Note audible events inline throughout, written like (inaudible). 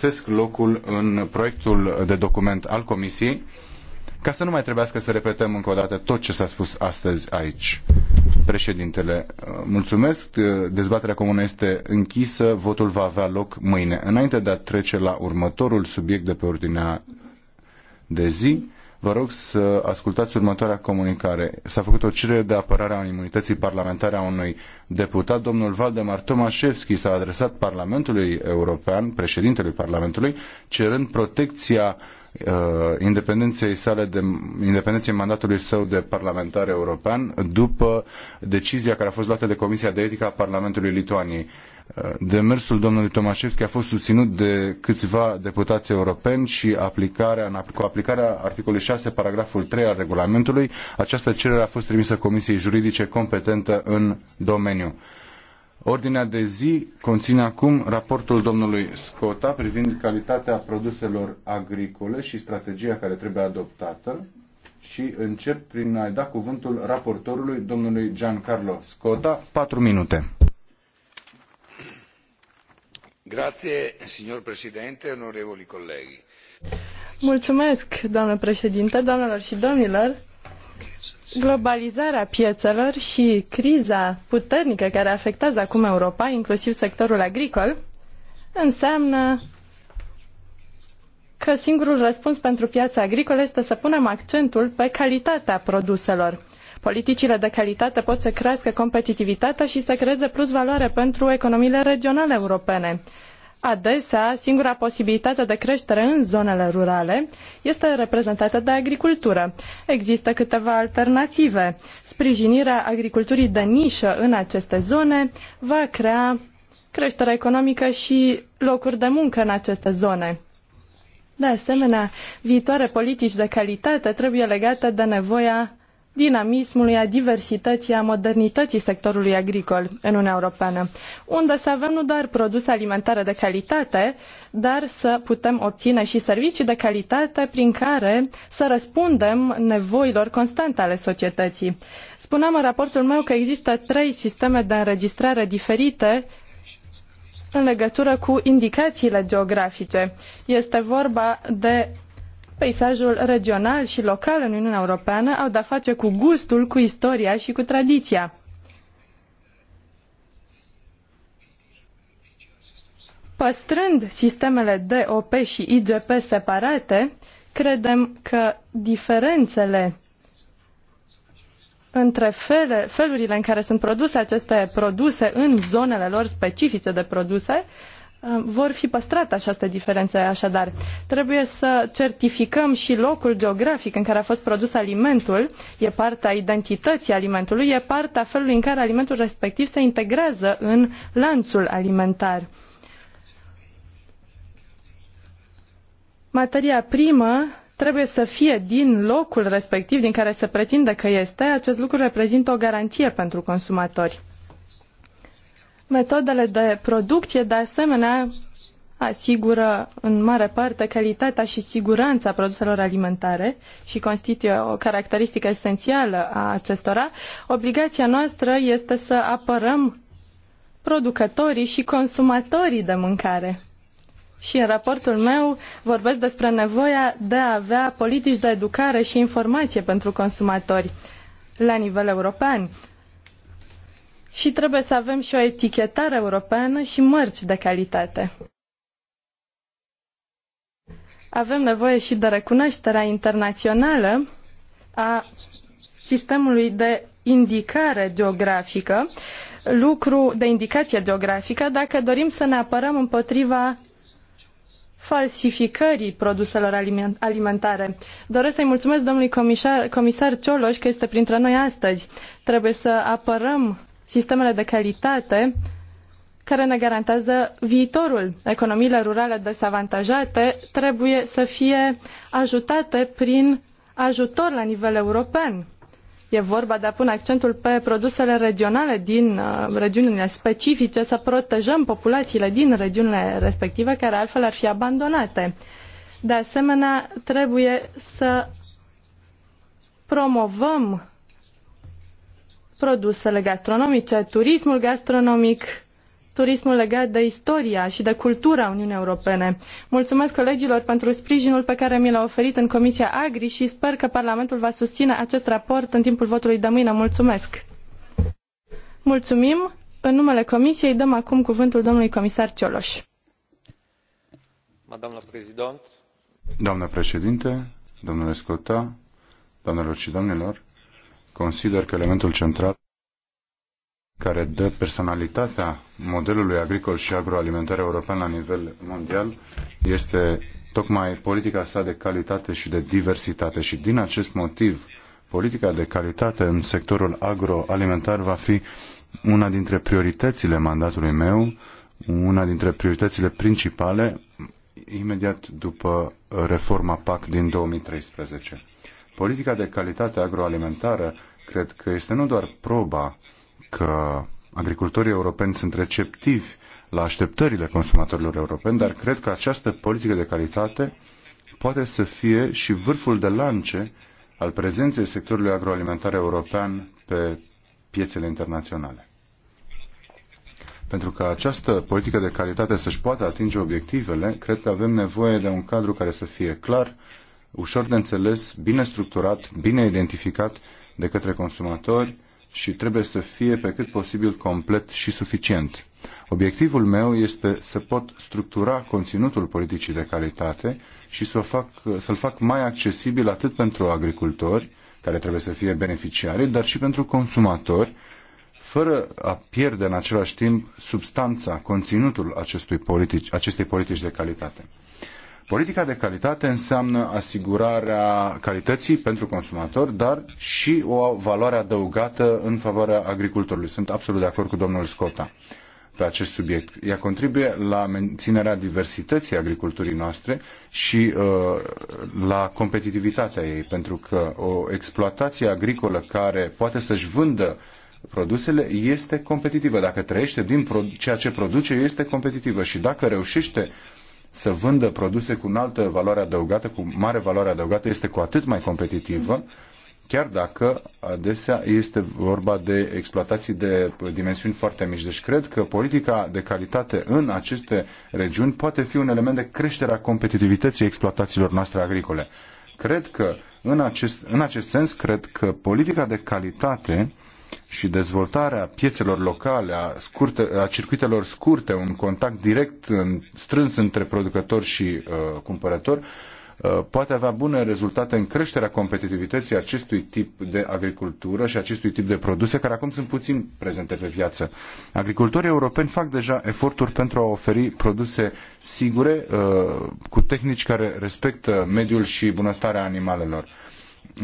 găsesc locul în proiectul de document al Comisiei, ca să nu mai trebuiască să repetăm încă o dată tot ce s-a spus astăzi aici. Președintele, mulțumesc. Dezbaterea comună este închisă. Votul va avea loc mâine. Înainte de a trece la următorul subiect de pe ordinea de zi, vă rog să ascultați următoarea comunicare. S-a făcut o cerere de apărare a imunității parlamentare a unui deputat. Domnul Valdemar Tomașevski s-a adresat Parlamentului European, președintelui Parlamentului, cerând protecția uh, independenței sale de, independenței mandatului său de parlamentar european după decizia care a fost luată de Comisia de Etică a Parlamentului Lituaniei. Uh, Demersul domnului Tomașevski a fost susținut de câțiva deputați europeni și aplicarea, cu aplicarea articolului 6, paragraful 3 al regulamentului, această cerere a fost trimisă Comisiei Juridice competentă în domeniu. Ordinea de zi conține acum raportul domnului Scota privind calitatea produselor agricole și strategia care trebuie adoptată și încep prin a-i da cuvântul raportorului domnului Giancarlo Scota, patru minute signor onorevoli Mulțumesc, doamnă președinte, doamnelor și domnilor. Globalizarea piețelor și criza puternică care afectează acum Europa, inclusiv sectorul agricol, înseamnă că singurul răspuns pentru piața agricolă este să punem accentul pe calitatea produselor. Politicile de calitate pot să crească competitivitatea și să creeze plus valoare pentru economiile regionale europene. Adesea, singura posibilitate de creștere în zonele rurale este reprezentată de agricultură. Există câteva alternative. Sprijinirea agriculturii de nișă în aceste zone va crea creștere economică și locuri de muncă în aceste zone. De asemenea, viitoare politici de calitate trebuie legate de nevoia dinamismului, a diversității, a modernității sectorului agricol în Uniunea Europeană, unde să avem nu doar produse alimentare de calitate, dar să putem obține și servicii de calitate prin care să răspundem nevoilor constante ale societății. Spuneam în raportul meu că există trei sisteme de înregistrare diferite în legătură cu indicațiile geografice. Este vorba de peisajul regional și local în Uniunea Europeană au de-a face cu gustul, cu istoria și cu tradiția. Păstrând sistemele DOP și IGP separate, credem că diferențele între fele, felurile în care sunt produse aceste produse în zonele lor specifice de produse Uh, vor fi păstrate aceste diferențe, așadar. Trebuie să certificăm și locul geografic în care a fost produs alimentul, e partea identității alimentului, e partea felului în care alimentul respectiv se integrează în lanțul alimentar. Materia primă trebuie să fie din locul respectiv din care se pretinde că este, acest lucru reprezintă o garanție pentru consumatori. Metodele de producție, de asemenea, asigură în mare parte calitatea și siguranța produselor alimentare și constituie o caracteristică esențială a acestora, obligația noastră este să apărăm producătorii și consumatorii de mâncare. Și în raportul meu vorbesc despre nevoia de a avea politici de educare și informație pentru consumatori la nivel european și trebuie să avem și o etichetare europeană și mărci de calitate. Avem nevoie și de recunoașterea internațională a sistemului de indicare geografică, lucru de indicație geografică, dacă dorim să ne apărăm împotriva falsificării produselor alimentare. Doresc să-i mulțumesc domnului comisar, comisar Cioloș că este printre noi astăzi. Trebuie să apărăm sistemele de calitate care ne garantează viitorul. Economiile rurale desavantajate trebuie să fie ajutate prin ajutor la nivel european. E vorba de a pune accentul pe produsele regionale din uh, regiunile specifice, să protejăm populațiile din regiunile respective care altfel ar fi abandonate. De asemenea, trebuie să promovăm produsele gastronomice, turismul gastronomic, turismul legat de istoria și de cultura Uniunii Europene. Mulțumesc colegilor pentru sprijinul pe care mi l-au oferit în Comisia Agri și sper că Parlamentul va susține acest raport în timpul votului de mâine. Mulțumesc! Mulțumim! În numele Comisiei dăm acum cuvântul domnului comisar Cioloș. Doamnă președinte, domnule Scota, doamnelor și domnilor, Consider că elementul central care dă personalitatea modelului agricol și agroalimentar european la nivel mondial este tocmai politica sa de calitate și de diversitate și din acest motiv politica de calitate în sectorul agroalimentar va fi una dintre prioritățile mandatului meu, una dintre prioritățile principale imediat după reforma PAC din 2013. Politica de calitate agroalimentară cred că este nu doar proba că agricultorii europeni sunt receptivi la așteptările consumatorilor europeni, dar cred că această politică de calitate poate să fie și vârful de lance al prezenței sectorului agroalimentar european pe piețele internaționale. Pentru că această politică de calitate să-și poată atinge obiectivele, cred că avem nevoie de un cadru care să fie clar, ușor de înțeles, bine structurat, bine identificat de către consumatori și trebuie să fie pe cât posibil complet și suficient. Obiectivul meu este să pot structura conținutul politicii de calitate și să-l fac, să fac mai accesibil atât pentru agricultori, care trebuie să fie beneficiari, dar și pentru consumatori, fără a pierde în același timp substanța, conținutul acestui politici, acestei politici de calitate. Politica de calitate înseamnă asigurarea calității pentru consumator, dar și o valoare adăugată în favoarea agricultorului. Sunt absolut de acord cu domnul Scota pe acest subiect. Ea contribuie la menținerea diversității agriculturii noastre și uh, la competitivitatea ei, pentru că o exploatație agricolă care poate să-și vândă produsele este competitivă. Dacă trăiește din ceea ce produce, este competitivă și dacă reușește să vândă produse cu înaltă valoare adăugată, cu mare valoare adăugată, este cu atât mai competitivă, chiar dacă adesea este vorba de exploatații de dimensiuni foarte mici. Deci cred că politica de calitate în aceste regiuni poate fi un element de creștere a competitivității exploatațiilor noastre agricole. Cred că, în acest, în acest sens, cred că politica de calitate uh, și dezvoltarea piețelor locale, a, scurte, a circuitelor scurte, un contact direct în, strâns între producător și uh, cumpărător, uh, poate avea bune rezultate în creșterea competitivității acestui tip de agricultură și acestui tip de produse, care acum sunt puțin prezente pe piață. Agricultorii europeni fac deja eforturi pentru a oferi produse sigure, uh, cu tehnici care respectă mediul și bunăstarea animalelor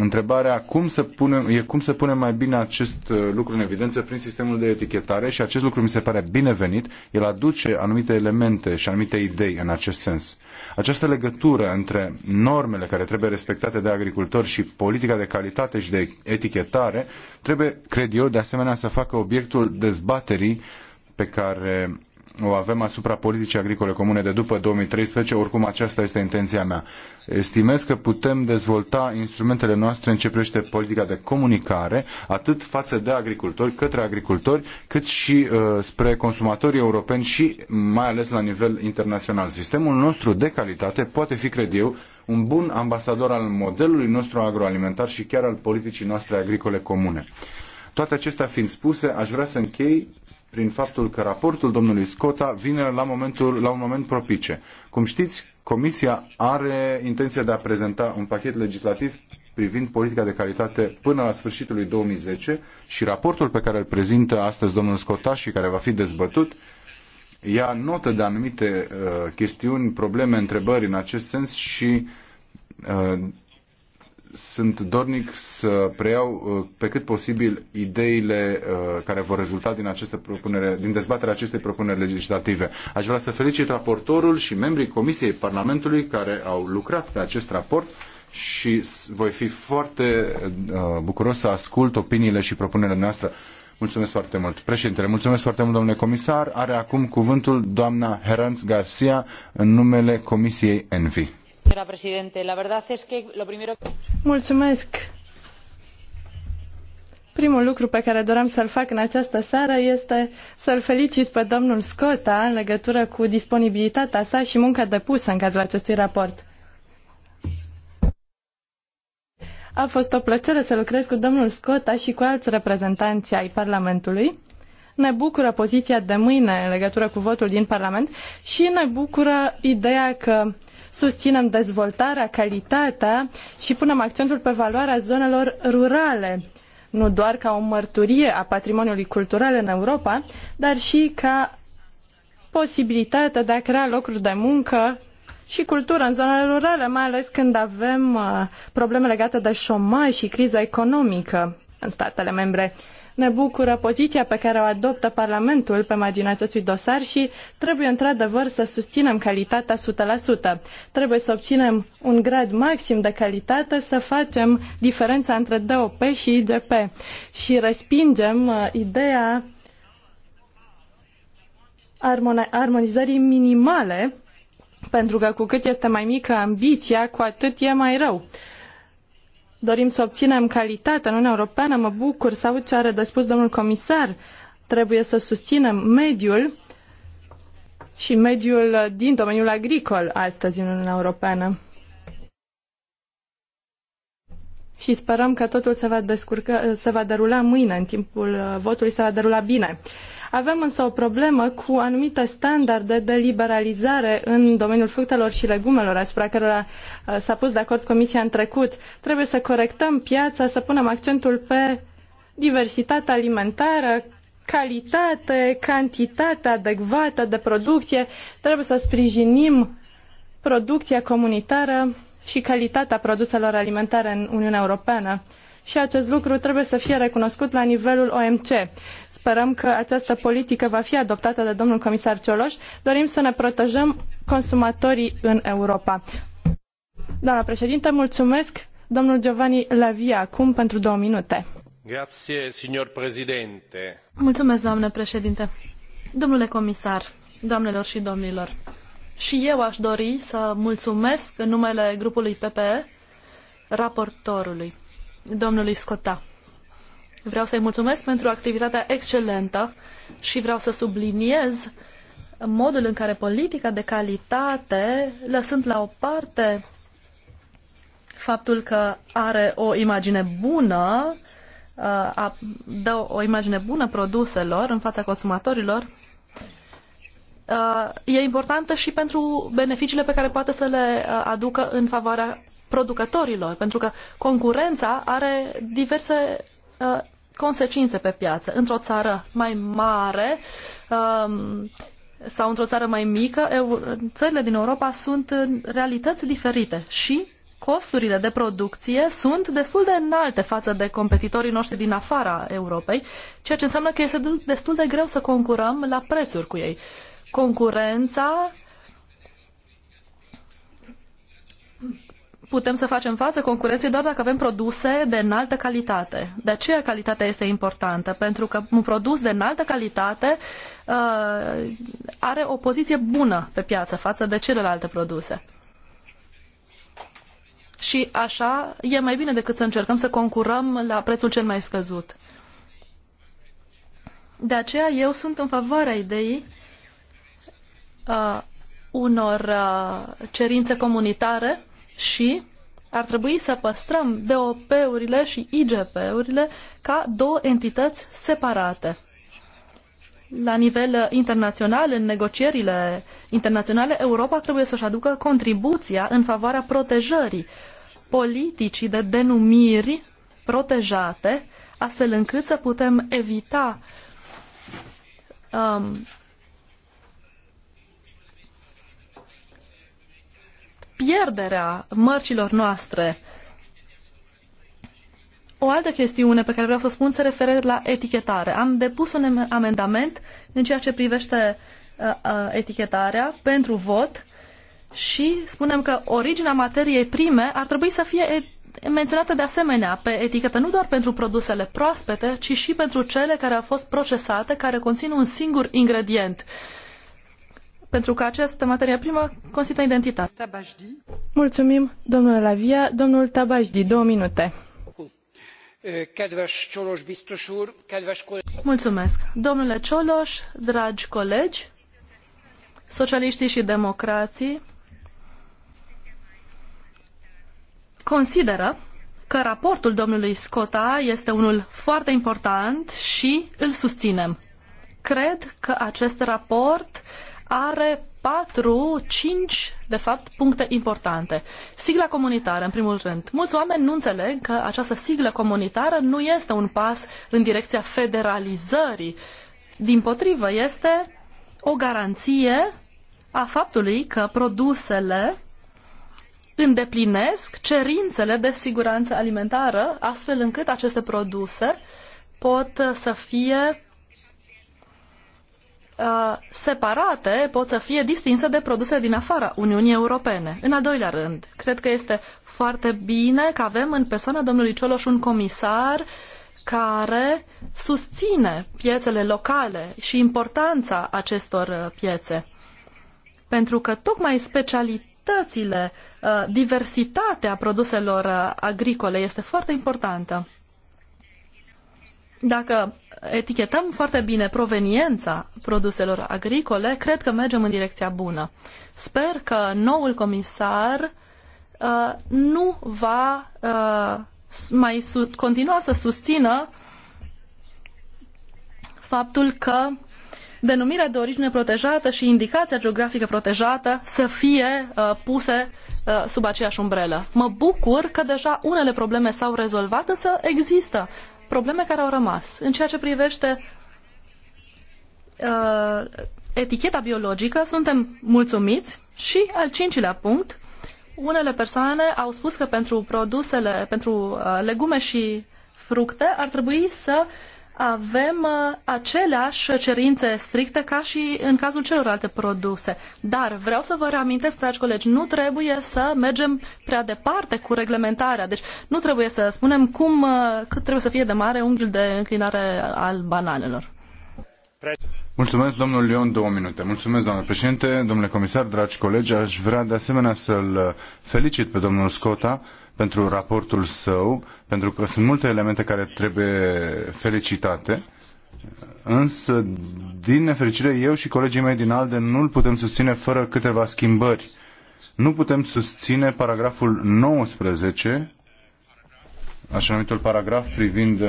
întrebarea cum să punem, e cum să punem mai bine acest uh, lucru în evidență prin sistemul de etichetare și acest lucru mi se pare binevenit. El aduce anumite elemente și anumite idei în acest sens. Această legătură între normele care trebuie respectate de agricultori și politica de calitate și de etichetare trebuie, cred eu, de asemenea să facă obiectul dezbaterii pe care o avem asupra politicii agricole comune de după 2013, oricum aceasta este intenția mea. Estimez că putem dezvolta instrumentele noastre în ce privește politica de comunicare, atât față de agricultori, către agricultori, cât și uh, spre consumatorii europeni și mai ales la nivel internațional. Sistemul nostru de calitate poate fi, cred eu, un bun ambasador al modelului nostru agroalimentar și chiar al politicii noastre agricole comune. Toate acestea fiind spuse, aș vrea să închei prin faptul că raportul domnului Scota vine la, momentul, la un moment propice. Cum știți, Comisia are intenția de a prezenta un pachet legislativ privind politica de calitate până la sfârșitul lui 2010 și raportul pe care îl prezintă astăzi domnul Scota și care va fi dezbătut ia notă de anumite uh, chestiuni, probleme, întrebări în acest sens și uh, sunt dornic să preiau uh, pe cât posibil ideile uh, care vor rezulta din, aceste propunere, din dezbaterea acestei propuneri legislative. Aș vrea să felicit raportorul și membrii Comisiei Parlamentului care au lucrat pe acest raport și voi fi foarte uh, bucuros să ascult opiniile și propunerile noastre. Mulțumesc foarte mult. Președintele, mulțumesc foarte mult, domnule comisar. Are acum cuvântul doamna Heranz Garcia în numele Comisiei Envi señora presidente la verdad es que lo primero. Mulțumesc. Primul lucru pe care doream să-l fac în această seară este să-l felicit pe domnul Scotta în legătură cu disponibilitatea sa și munca depusă în cadrul acestui raport. A fost o plăcere să lucrez cu domnul Scotta și cu alți reprezentanți ai Parlamentului. Ne bucură poziția de mâine în legătură cu votul din Parlament și ne bucură ideea că susținem dezvoltarea, calitatea și punem accentul pe valoarea zonelor rurale nu doar ca o mărturie a patrimoniului cultural în Europa, dar și ca posibilitatea de a crea locuri de muncă și cultură în zonele rurale, mai ales când avem uh, probleme legate de șomaj și criza economică în statele membre. Ne bucură poziția pe care o adoptă Parlamentul pe marginea acestui dosar și trebuie într-adevăr să susținem calitatea 100%. Trebuie să obținem un grad maxim de calitate, să facem diferența între DOP și IGP și respingem uh, ideea armonizării minimale, pentru că cu cât este mai mică ambiția, cu atât e mai rău dorim să obținem calitate în Uniunea Europeană, mă bucur să aud ce are de spus domnul comisar. Trebuie să susținem mediul și mediul din domeniul agricol astăzi în Uniunea Europeană. Și sperăm că totul se va, descurca, se va derula mâine, în timpul votului se va derula bine. Avem însă o problemă cu anumite standarde de liberalizare în domeniul fructelor și legumelor, asupra cărora uh, s-a pus de acord Comisia în trecut. Trebuie să corectăm piața, să punem accentul pe diversitatea alimentară, calitate, cantitate adecvată de producție. Trebuie să sprijinim producția comunitară și calitatea produselor alimentare în Uniunea Europeană și acest lucru trebuie să fie recunoscut la nivelul OMC. Sperăm că această politică va fi adoptată de domnul comisar Cioloș. Dorim să ne protejăm consumatorii în Europa. Doamna președinte, mulțumesc. Domnul Giovanni Lavia, acum pentru două minute. Grazie, signor președinte. Mulțumesc, doamnă președinte. Domnule comisar, doamnelor și domnilor, și eu aș dori să mulțumesc în numele grupului PPE raportorului domnului Scotta. Vreau să-i mulțumesc pentru activitatea excelentă și vreau să subliniez modul în care politica de calitate, lăsând la o parte faptul că are o imagine bună, uh, dă o imagine bună produselor în fața consumatorilor, Uh, e importantă și pentru beneficiile pe care poate să le uh, aducă în favoarea producătorilor, pentru că concurența are diverse uh, consecințe pe piață. Într-o țară mai mare um, sau într-o țară mai mică, țările din Europa sunt în realități diferite și costurile de producție sunt destul de înalte față de competitorii noștri din afara Europei, ceea ce înseamnă că este destul de greu să concurăm la prețuri cu ei concurența putem să facem față concurenței doar dacă avem produse de înaltă calitate. De aceea calitatea este importantă, pentru că un produs de înaltă calitate uh, are o poziție bună pe piață față de celelalte produse. Și așa e mai bine decât să încercăm să concurăm la prețul cel mai scăzut. De aceea eu sunt în favoarea ideii uh, unor uh, cerințe comunitare și ar trebui să păstrăm DOP-urile și IGP-urile ca două entități separate. La nivel uh, internațional, în negocierile internaționale, Europa trebuie să-și aducă contribuția în favoarea protejării politicii de denumiri protejate, astfel încât să putem evita um, pierderea mărcilor noastre. O altă chestiune pe care vreau să o spun se referă la etichetare. Am depus un amendament în ceea ce privește uh, uh, etichetarea pentru vot și spunem că originea materiei prime ar trebui să fie menționată de asemenea pe etichetă nu doar pentru produsele proaspete, ci și pentru cele care au fost procesate, care conțin un singur ingredient. Uh, pentru că această materie primă constituie identitate. Mulțumim, domnule Lavia. Domnul Tabajdi, două minute. Mulțumesc. Domnule Cioloș, dragi colegi, socialiștii și democrații consideră că raportul domnului Scotta este unul foarte important și îl susținem. Cred că acest raport are patru, cinci, de fapt, puncte importante. Sigla comunitară, în primul rând. Mulți oameni nu înțeleg că această siglă comunitară nu este un pas în direcția federalizării. Din potrivă, este o garanție a faptului că produsele îndeplinesc cerințele de siguranță alimentară, astfel încât aceste produse pot să fie Uh, separate pot să fie distinse de produse din afara Uniunii Europene. În al doilea rând, cred că este foarte bine că avem în persoana domnului Cioloș un comisar care susține piețele locale și importanța acestor uh, piețe. Pentru că tocmai specialitățile, uh, diversitatea produselor agricole este foarte importantă. Dacă etichetăm foarte bine proveniența produselor agricole, cred că mergem în direcția bună. Sper că noul comisar uh, nu va uh, mai continua să susțină faptul că denumirea de origine protejată și indicația geografică protejată să fie uh, puse uh, sub aceeași umbrelă. Mă bucur că deja unele probleme s-au rezolvat, însă există probleme care au rămas. În ceea ce privește uh, eticheta biologică, suntem mulțumiți și al cincilea punct, unele persoane au spus că pentru produsele, pentru uh, legume și fructe ar trebui să uh, avem uh, aceleași cerințe stricte ca și în cazul celorlalte produse. Dar vreau să vă reamintesc, dragi colegi, nu trebuie să mergem prea departe cu reglementarea. Deci nu trebuie să spunem cum, uh, cât trebuie să fie de mare unghiul de înclinare al bananelor. Mulțumesc, domnul Leon, două minute. Mulțumesc, domnule președinte, domnule comisar, dragi colegi. Aș vrea de asemenea să-l felicit pe domnul Scota pentru raportul său, pentru că sunt multe elemente care trebuie felicitate. Însă, din nefericire, eu și colegii mei din ALDE nu îl putem susține fără câteva schimbări. Nu putem susține paragraful 19, așa numitul paragraf privind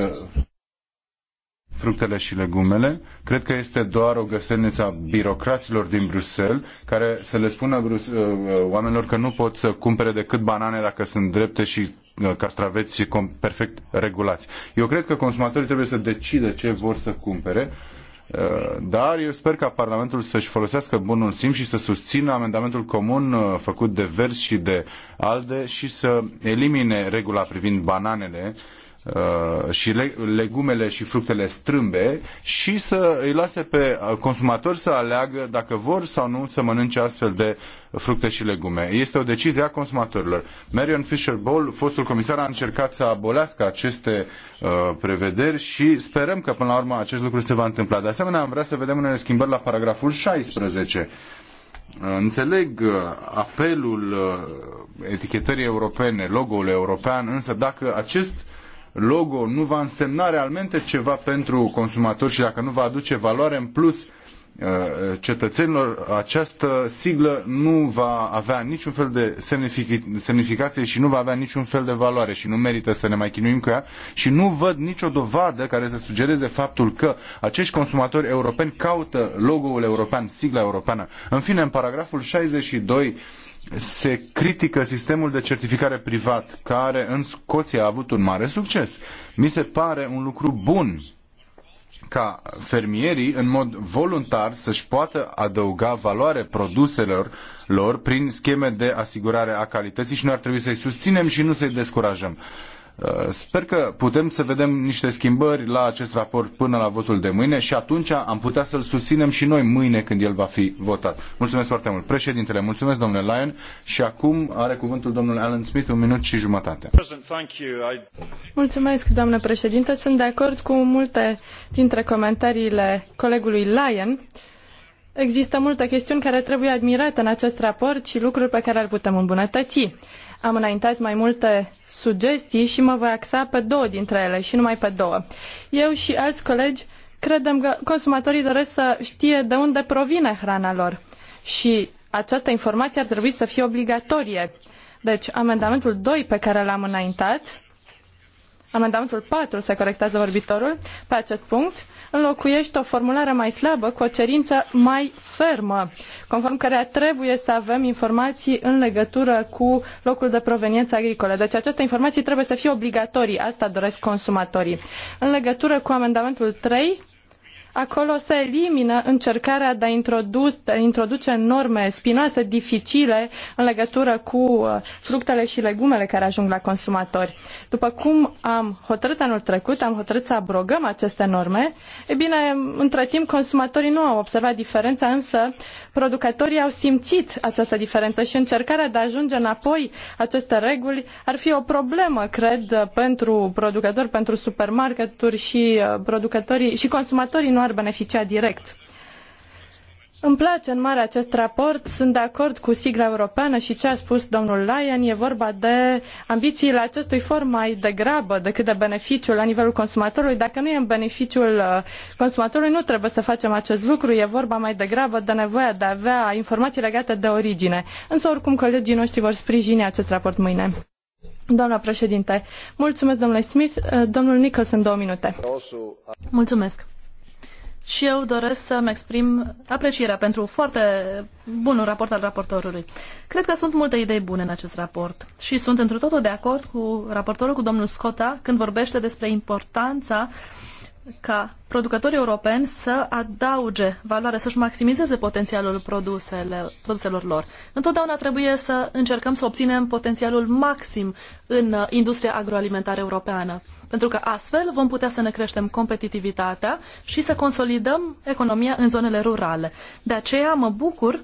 fructele și legumele. Cred că este doar o găselniță a birocraților din Bruxelles care să le spună uh, uh, oamenilor că nu pot să cumpere decât banane dacă sunt drepte și uh, castraveți perfect regulați. Eu cred că consumatorii trebuie să decide ce vor să cumpere dar eu sper ca Parlamentul să-și folosească bunul simț și să susțină amendamentul comun făcut de Verzi și de ALDE și să elimine regula privind bananele Uh, și legumele și fructele strâmbe și să îi lase pe uh, consumatori să aleagă dacă vor sau nu să mănânce astfel de fructe și legume. Este o decizie a consumatorilor. Marion Fisher ball fostul comisar, a încercat să abolească aceste uh, prevederi și sperăm că până la urmă acest lucru se va întâmpla. De asemenea, am vrea să vedem unele schimbări la paragraful 16. Uh, înțeleg apelul etichetării europene, logo-ul european, însă dacă acest logo nu va însemna realmente ceva pentru consumatori și dacă nu va aduce valoare în plus uh, cetățenilor, această siglă nu va avea niciun fel de semnificație și nu va avea niciun fel de valoare și nu merită să ne mai chinuim cu ea și nu văd nicio dovadă care să sugereze faptul că acești consumatori europeni caută logo-ul european, sigla europeană. În fine, în paragraful 62 se critică sistemul de certificare privat, care în Scoția a avut un mare succes. Mi se pare un lucru bun ca fermierii, în mod voluntar, să-și poată adăuga valoare produselor lor prin scheme de asigurare a calității și noi ar trebui să-i susținem și nu să-i descurajăm. Uh, sper că putem să vedem niște schimbări la acest raport până la votul de mâine și atunci am putea să-l susținem și noi mâine când el va fi votat. Mulțumesc foarte mult. Președintele, mulțumesc domnule Lyon și acum are cuvântul domnul Alan Smith un minut și jumătate. Mulțumesc, domnule președinte. Sunt de acord cu multe dintre comentariile colegului Lyon. Există multe chestiuni care trebuie admirate în acest raport și lucruri pe care le putem îmbunătăți. Am înaintat mai multe sugestii și mă voi axa pe două dintre ele și numai pe două. Eu și alți colegi credem că consumatorii doresc să știe de unde provine hrana lor și această informație ar trebui să fie obligatorie. Deci, amendamentul doi pe care l-am înaintat amendamentul 4, se corectează vorbitorul, pe acest punct, înlocuiește o formulare mai slabă cu o cerință mai fermă, conform căreia trebuie să avem informații în legătură cu locul de proveniență agricolă. Deci aceste informații trebuie să fie obligatorii, asta doresc consumatorii. În legătură cu amendamentul 3, acolo se elimină încercarea de a introduce, introduce norme spinoase, dificile, în legătură cu uh, fructele și legumele care ajung la consumatori. După cum am hotărât anul trecut, am hotărât să abrogăm aceste norme, e bine, între timp consumatorii nu au observat diferența, însă producătorii au simțit această diferență și încercarea de a ajunge înapoi aceste reguli ar fi o problemă, cred, pentru producători, pentru supermarketuri și uh, producătorii și consumatorii ar beneficia direct. Îmi place în mare acest raport, sunt de acord cu sigla europeană și ce a spus domnul Lyon, e vorba de ambițiile acestui for mai degrabă decât de beneficiul la nivelul consumatorului. Dacă nu e în beneficiul uh, consumatorului, nu trebuie să facem acest lucru, e vorba mai degrabă de nevoia de a avea informații legate de origine. Însă oricum colegii noștri vor sprijini acest raport mâine. Doamna președinte, mulțumesc domnule Smith, uh, domnul Nicholson două minute. Mulțumesc și eu doresc să-mi exprim aprecierea pentru foarte bunul raport al raportorului. Cred că sunt multe idei bune în acest raport și sunt într totul de acord cu raportorul, cu domnul Scotta, când vorbește despre importanța ca producătorii europeni să adauge valoare, să-și maximizeze potențialul produsele, produselor lor. Întotdeauna trebuie să încercăm să obținem potențialul maxim în uh, industria agroalimentară europeană pentru că astfel vom putea să ne creștem competitivitatea și să consolidăm economia în zonele rurale. De aceea mă bucur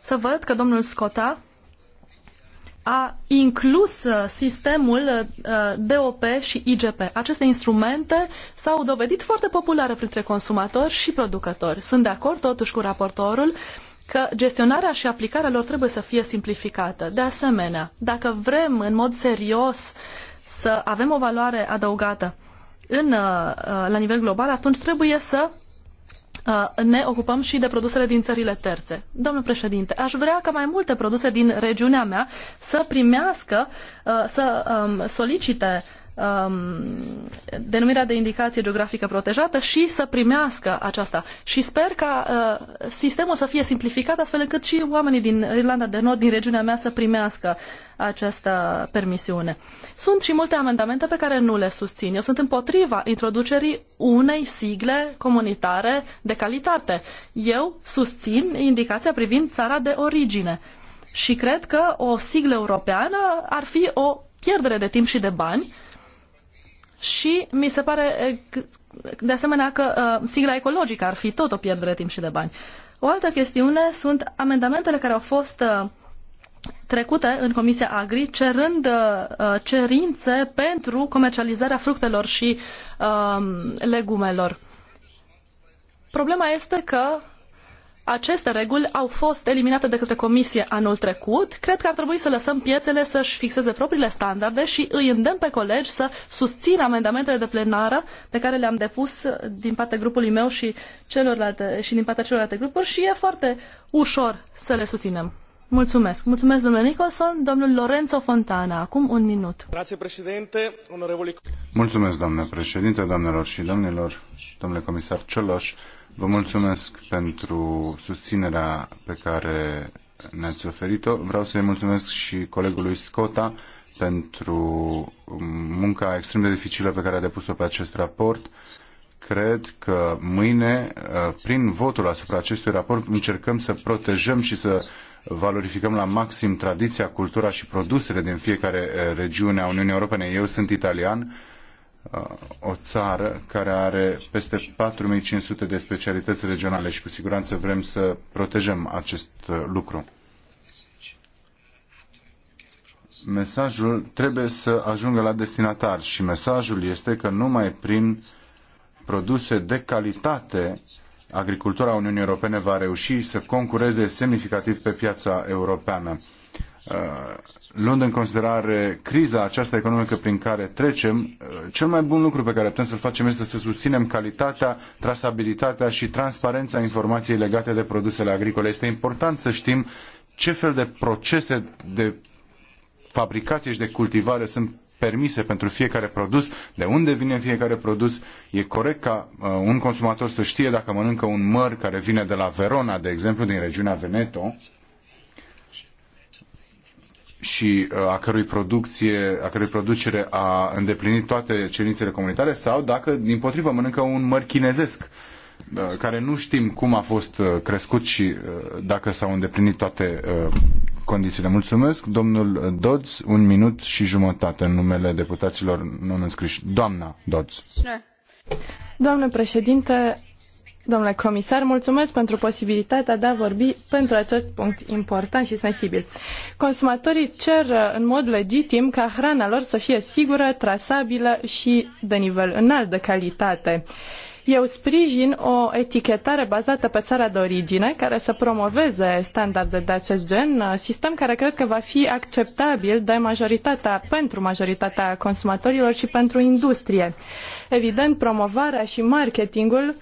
să văd că domnul Scota a inclus uh, sistemul uh, DOP și IGP. Aceste instrumente s-au dovedit foarte populare printre consumatori și producători. Sunt de acord totuși cu raportorul că gestionarea și aplicarea lor trebuie să fie simplificată. De asemenea, dacă vrem în mod serios uh, să avem o valoare adăugată în, uh, uh, la nivel global, atunci trebuie să uh, ne ocupăm și de produsele din țările terțe. Domnul președinte, aș vrea ca mai multe produse din regiunea mea să primească, să um, solicite um, denumirea de indicație geografică protejată și să primească aceasta. Și sper ca uh, sistemul să fie simplificat astfel încât și oamenii din Irlanda de Nord, din regiunea mea, să primească această permisiune. Sunt și multe amendamente pe care nu le susțin. Eu sunt împotriva introducerii unei sigle comunitare de calitate. Eu susțin indicația privind țara de origine. Și cred că o siglă europeană ar fi o pierdere de timp și de bani și mi se pare de asemenea că sigla ecologică ar fi tot o pierdere de timp și de bani. O altă chestiune sunt amendamentele care au fost trecute în Comisia Agri cerând cerințe pentru comercializarea fructelor și legumelor. Problema este că aceste reguli au fost eliminate de către Comisie anul trecut. Cred că ar trebui să lăsăm piețele să-și fixeze propriile standarde și îi îndemn pe colegi să susțină amendamentele de plenară pe care le-am depus din partea grupului meu și, celorlalte, și din partea celorlalte grupuri și e foarte ușor să le susținem. Mulțumesc. Mulțumesc, domnule Nicholson. Domnul Lorenzo Fontana, acum un minut. președinte. Onorevoli... Mulțumesc, domnule președinte, doamnelor și domnilor, domnule comisar Cioloș. Vă mulțumesc pentru susținerea pe care ne-ați oferit-o. Vreau să-i mulțumesc și colegului Scota pentru munca extrem de dificilă pe care a depus-o pe acest raport. Cred că mâine, uh, prin votul asupra acestui raport, încercăm să protejăm și să valorificăm la maxim tradiția, cultura și produsele din fiecare uh, regiune a Uniunii Europene. Eu sunt italian Uh, o țară care are peste 4500 de specialități regionale și cu siguranță vrem să protejăm acest uh, lucru. Mesajul trebuie să ajungă la destinatar și mesajul este că numai prin produse de calitate agricultura Uniunii Europene va reuși să concureze semnificativ pe piața europeană luând în considerare criza aceasta economică prin care trecem, cel mai bun lucru pe care putem să-l facem este să susținem calitatea, trasabilitatea și transparența informației legate de produsele agricole. Este important să știm ce fel de procese de fabricație și de cultivare sunt permise pentru fiecare produs, de unde vine fiecare produs. E corect ca uh, un consumator să știe dacă mănâncă un măr care vine de la Verona, de exemplu, din regiunea Veneto, și uh, a cărui, producție, a cărui producere a îndeplinit toate cerințele comunitare sau dacă, din potrivă, mănâncă un măr chinezesc uh, care nu știm cum a fost uh, crescut și dacă s-au îndeplinit toate condițiile. Mulțumesc. Domnul Dodz un minut și jumătate în numele deputaților non înscriși. Doamna Dodz Doamne președinte, Domnule comisar, mulțumesc pentru posibilitatea de a vorbi pentru acest punct important și sensibil. Consumatorii cer uh, în mod legitim ca hrana lor să fie sigură, trasabilă și de nivel înalt de calitate. Eu sprijin o etichetare bazată pe țara de origine care să promoveze standarde de acest gen, uh, sistem care cred că va fi acceptabil de majoritatea, pentru majoritatea consumatorilor și pentru industrie. Evident, promovarea și marketingul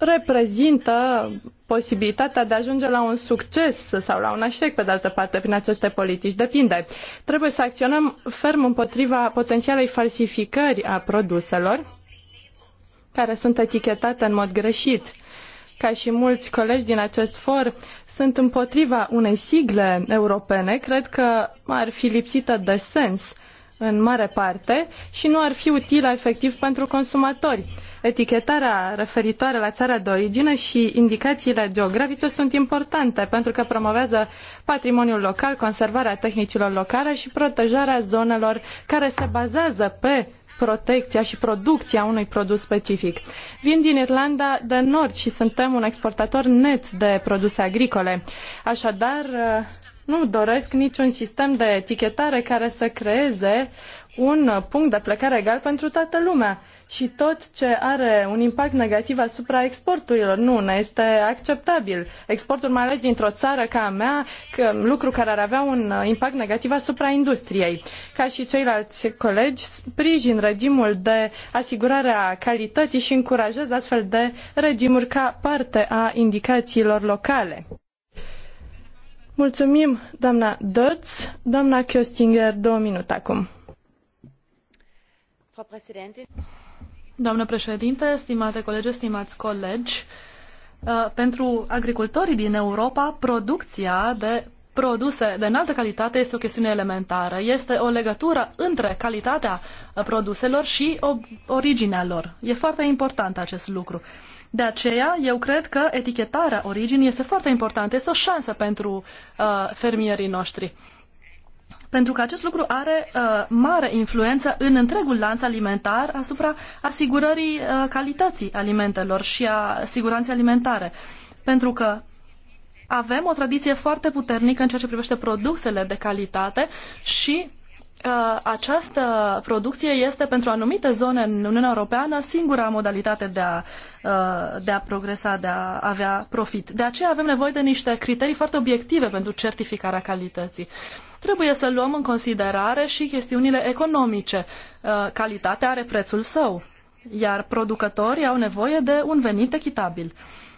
reprezintă posibilitatea de a ajunge la un succes sau la un eșec, pe de altă parte, prin aceste politici. Depinde. Trebuie să acționăm ferm împotriva potențialei falsificări a produselor care sunt etichetate în mod greșit. Ca și mulți colegi din acest for, sunt împotriva unei sigle europene. Cred că ar fi lipsită de sens în mare parte și nu ar fi utilă efectiv pentru consumatori. Etichetarea referitoare la țara de origine și indicațiile geografice sunt importante pentru că promovează patrimoniul local, conservarea tehnicilor locale și protejarea zonelor care se bazează pe protecția și producția unui produs specific. Vin din Irlanda de Nord și suntem un exportator net de produse agricole. Așadar, nu doresc niciun sistem de etichetare care să creeze un punct de plecare egal pentru toată lumea și tot ce are un impact negativ asupra exporturilor. Nu, ne este acceptabil. Exportul mai ales dintr-o țară ca a mea, că, lucru care ar avea un impact negativ asupra industriei. Ca și ceilalți colegi, sprijin regimul de asigurare a calității și încurajez astfel de regimuri ca parte a indicațiilor locale. Mulțumim, doamna Dodds. Doamna Köstinger, două minute acum. Doamnă președinte, stimate colegi, stimați colegi, uh, pentru agricultorii din Europa, producția de produse de înaltă calitate este o chestiune elementară. Este o legătură între calitatea produselor și originea lor. E foarte important acest lucru. De aceea, eu cred că etichetarea originii este foarte importantă, este o șansă pentru uh, fermierii noștri. Pentru că acest lucru are uh, mare influență în întregul lanț alimentar asupra asigurării uh, calității alimentelor și a siguranței alimentare. Pentru că avem o tradiție foarte puternică în ceea ce privește produsele de calitate și Uh, această producție este pentru anumite zone în Uniunea Europeană singura modalitate de a, uh, de a progresa, de a avea profit. De aceea avem nevoie de niște criterii foarte obiective pentru certificarea calității. Trebuie să luăm în considerare și chestiunile economice. Uh, calitatea are prețul său, iar producătorii au nevoie de un venit echitabil.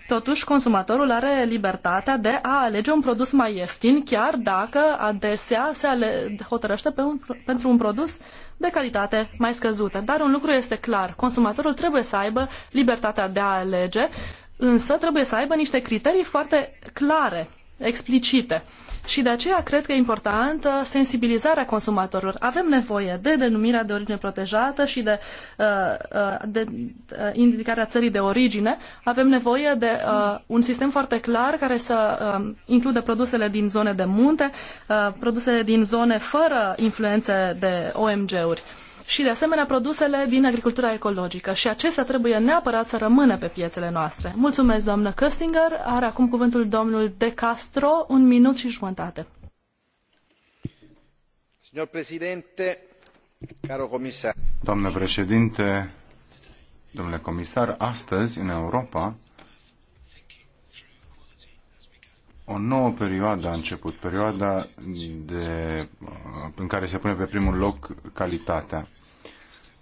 Totuși, consumatorul are libertatea de a alege un produs mai ieftin, chiar dacă adesea se ale- hotărăște pe un, pentru un produs de calitate mai scăzută. Dar un lucru este clar, consumatorul trebuie să aibă libertatea de a alege, însă trebuie să aibă niște criterii foarte clare explicite. Și de aceea cred că e importantă sensibilizarea consumatorilor. Avem nevoie de denumirea de origine protejată și de, uh, uh, de uh, indicarea țării de origine. Avem nevoie de un sistem foarte clar care să um, includă produsele din zone de munte, produsele din zone fără influențe de OMG-uri și, de asemenea, produsele din agricultura ecologică. Și acestea trebuie neapărat să rămână pe piețele noastre. Mulțumesc, doamnă Köstinger. Are acum cuvântul domnul De Castro, un minut și jumătate. Signor caro comisar. Doamnă președinte, domnule comisar, astăzi, în Europa, o nouă perioadă a început, perioada de, uh, în care se pune pe primul loc calitatea.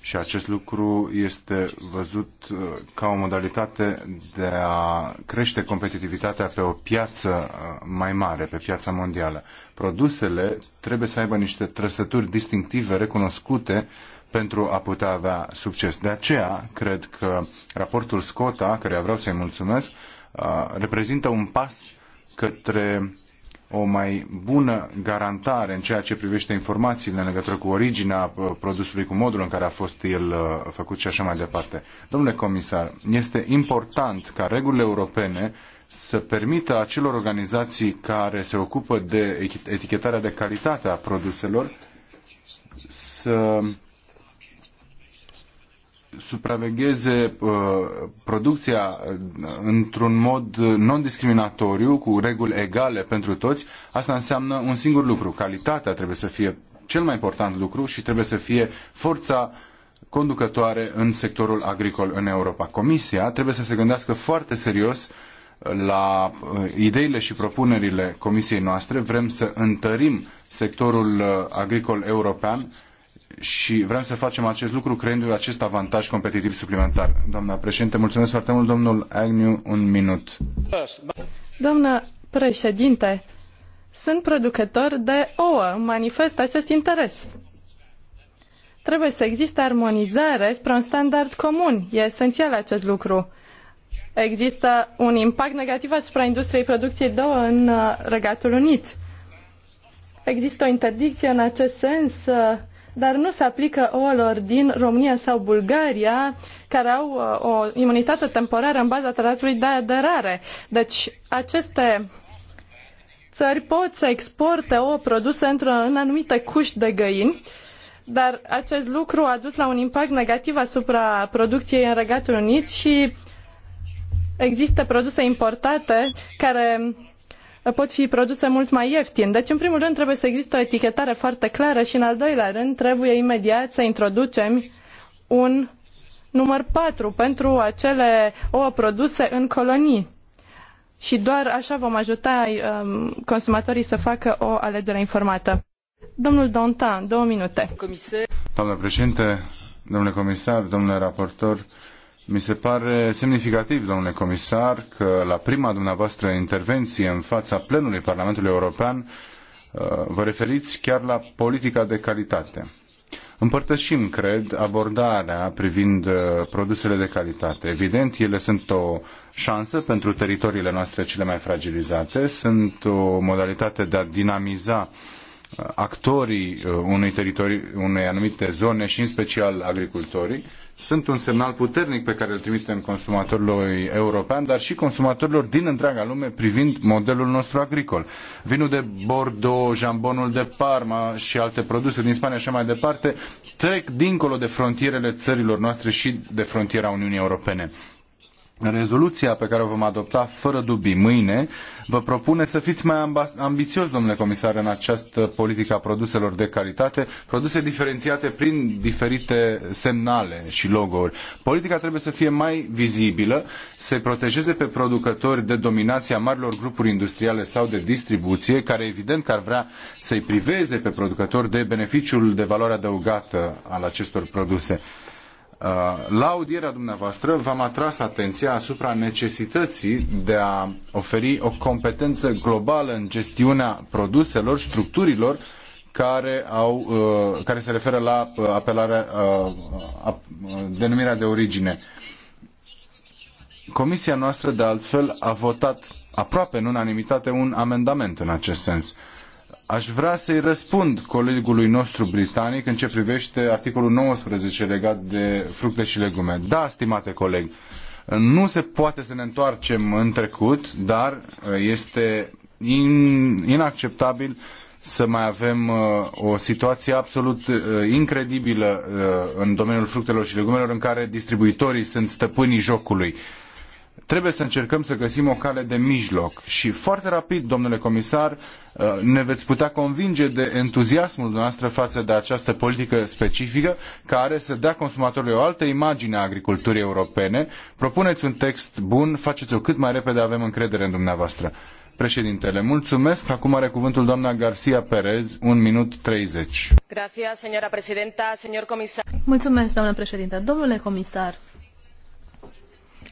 Și acest lucru este văzut uh, ca o modalitate de a crește competitivitatea pe o piață uh, mai mare, pe piața mondială. Produsele trebuie să aibă niște trăsături distinctive, recunoscute, pentru a putea avea succes. De aceea, cred că raportul Scota, care vreau să-i mulțumesc, reprezintă un pas către o mai bună garantare în ceea ce privește informațiile în legătură cu originea uh, produsului, cu modul în care a fost el uh, făcut și așa mai departe. Domnule comisar, este important ca regulile europene să permită acelor organizații care se ocupă de etichetarea de calitate a produselor să supravegheze uh, producția uh, într-un mod non-discriminatoriu, cu reguli egale pentru toți, asta înseamnă un singur lucru. Calitatea trebuie să fie cel mai important lucru și trebuie să fie forța conducătoare în sectorul agricol în Europa. Comisia trebuie să se gândească foarte serios la uh, ideile și propunerile comisiei noastre. Vrem să întărim sectorul uh, agricol european și vrem să facem acest lucru creându-i acest avantaj competitiv suplimentar. Doamna președinte, mulțumesc foarte mult. Domnul Agnew, un minut. Doamna președinte, sunt producător de ouă, manifest acest interes. Trebuie să existe armonizare spre un standard comun. E esențial acest lucru. Există un impact negativ asupra industriei producției de ouă în uh, Regatul Unit. Există o interdicție în acest sens uh, dar nu se aplică ouălor din România sau Bulgaria, care au uh, o imunitate temporară în baza tratatului de aderare. Deci aceste țări pot să exporte ouă produse într în anumite cuști de găini, dar acest lucru a dus la un impact negativ asupra producției în Regatul Unit și există produse importate care pot fi produse mult mai ieftin. Deci, în primul rând, trebuie să existe o etichetare foarte clară și, în al doilea rând, trebuie imediat să introducem un număr patru pentru acele ouă produse în colonii. Și doar așa vom ajuta um, consumatorii să facă o alegere informată. Domnul Dontan, două minute. Comisar. Doamnă președinte, domnule comisar, domnule raportor, mi se pare semnificativ, domnule comisar, că la prima dumneavoastră intervenție în fața plenului Parlamentului European uh, vă referiți chiar la politica de calitate. Împărtășim, cred, abordarea privind uh, produsele de calitate. Evident, ele sunt o șansă pentru teritoriile noastre cele mai fragilizate, sunt o modalitate de a dinamiza uh, actorii unei, unei anumite zone și în special agricultorii sunt un semnal puternic pe care îl trimitem consumatorilor european, dar și consumatorilor din întreaga lume privind modelul nostru agricol. Vinul de Bordeaux, jambonul de Parma și alte produse din Spania și așa mai departe trec dincolo de frontierele țărilor noastre și de frontiera Uniunii Europene. Rezoluția pe care o vom adopta fără dubii mâine vă propune să fiți mai ambițios, domnule comisar, în această politică a produselor de calitate, produse diferențiate prin diferite semnale și logo-uri. Politica trebuie să fie mai vizibilă, să protejeze pe producători de dominația marilor grupuri industriale sau de distribuție, care evident că ar vrea să-i priveze pe producători de beneficiul de valoare adăugată al acestor produse. Uh, la audierea dumneavoastră v-am atras atenția asupra necesității de a oferi o competență globală în gestiunea produselor, structurilor care, au, uh, care se referă la uh, apelarea, denumirea de origine. Comisia noastră, de altfel, a votat aproape în unanimitate un amendament în acest sens. Aș vrea să-i răspund colegului nostru britanic în ce privește articolul 19 legat de fructe și legume. Da, stimate coleg, nu se poate să ne întoarcem în trecut, dar uh, este in, inacceptabil să mai avem uh, o situație absolut uh, incredibilă uh, în domeniul fructelor și legumelor în care distribuitorii sunt stăpânii jocului. Uh, trebuie să încercăm să găsim o cale de mijloc și foarte rapid, domnule comisar, uh, ne veți putea convinge de entuziasmul noastră față de această politică specifică care să dea consumatorului o altă imagine a agriculturii europene. Propuneți un text bun, faceți-o cât mai repede, avem încredere în dumneavoastră. Președintele, mulțumesc. Acum are cuvântul doamna Garcia Perez, un minut 30. Gracias, señora presidenta, señor comisar. Mulțumesc, doamnă președinte. Domnule comisar,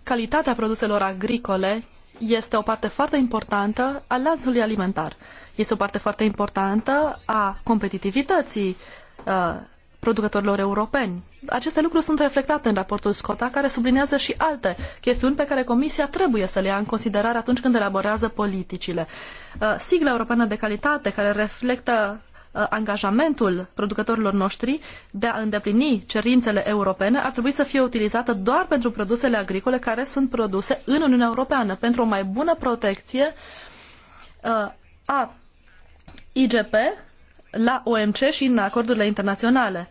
calitatea produselor agricole este o parte foarte importantă a lanțului alimentar. Este o parte foarte importantă a competitivității uh, producătorilor europeni. Aceste lucruri sunt reflectate în raportul Scota, care sublinează și alte chestiuni pe care Comisia trebuie să le ia în considerare atunci când elaborează politicile. Uh, sigla europeană de calitate, care reflectă Uh, angajamentul producătorilor noștri de a îndeplini cerințele europene ar trebui să fie utilizată doar pentru produsele agricole care sunt produse în Uniunea Europeană, pentru o mai bună protecție uh, a IGP la OMC și în acordurile internaționale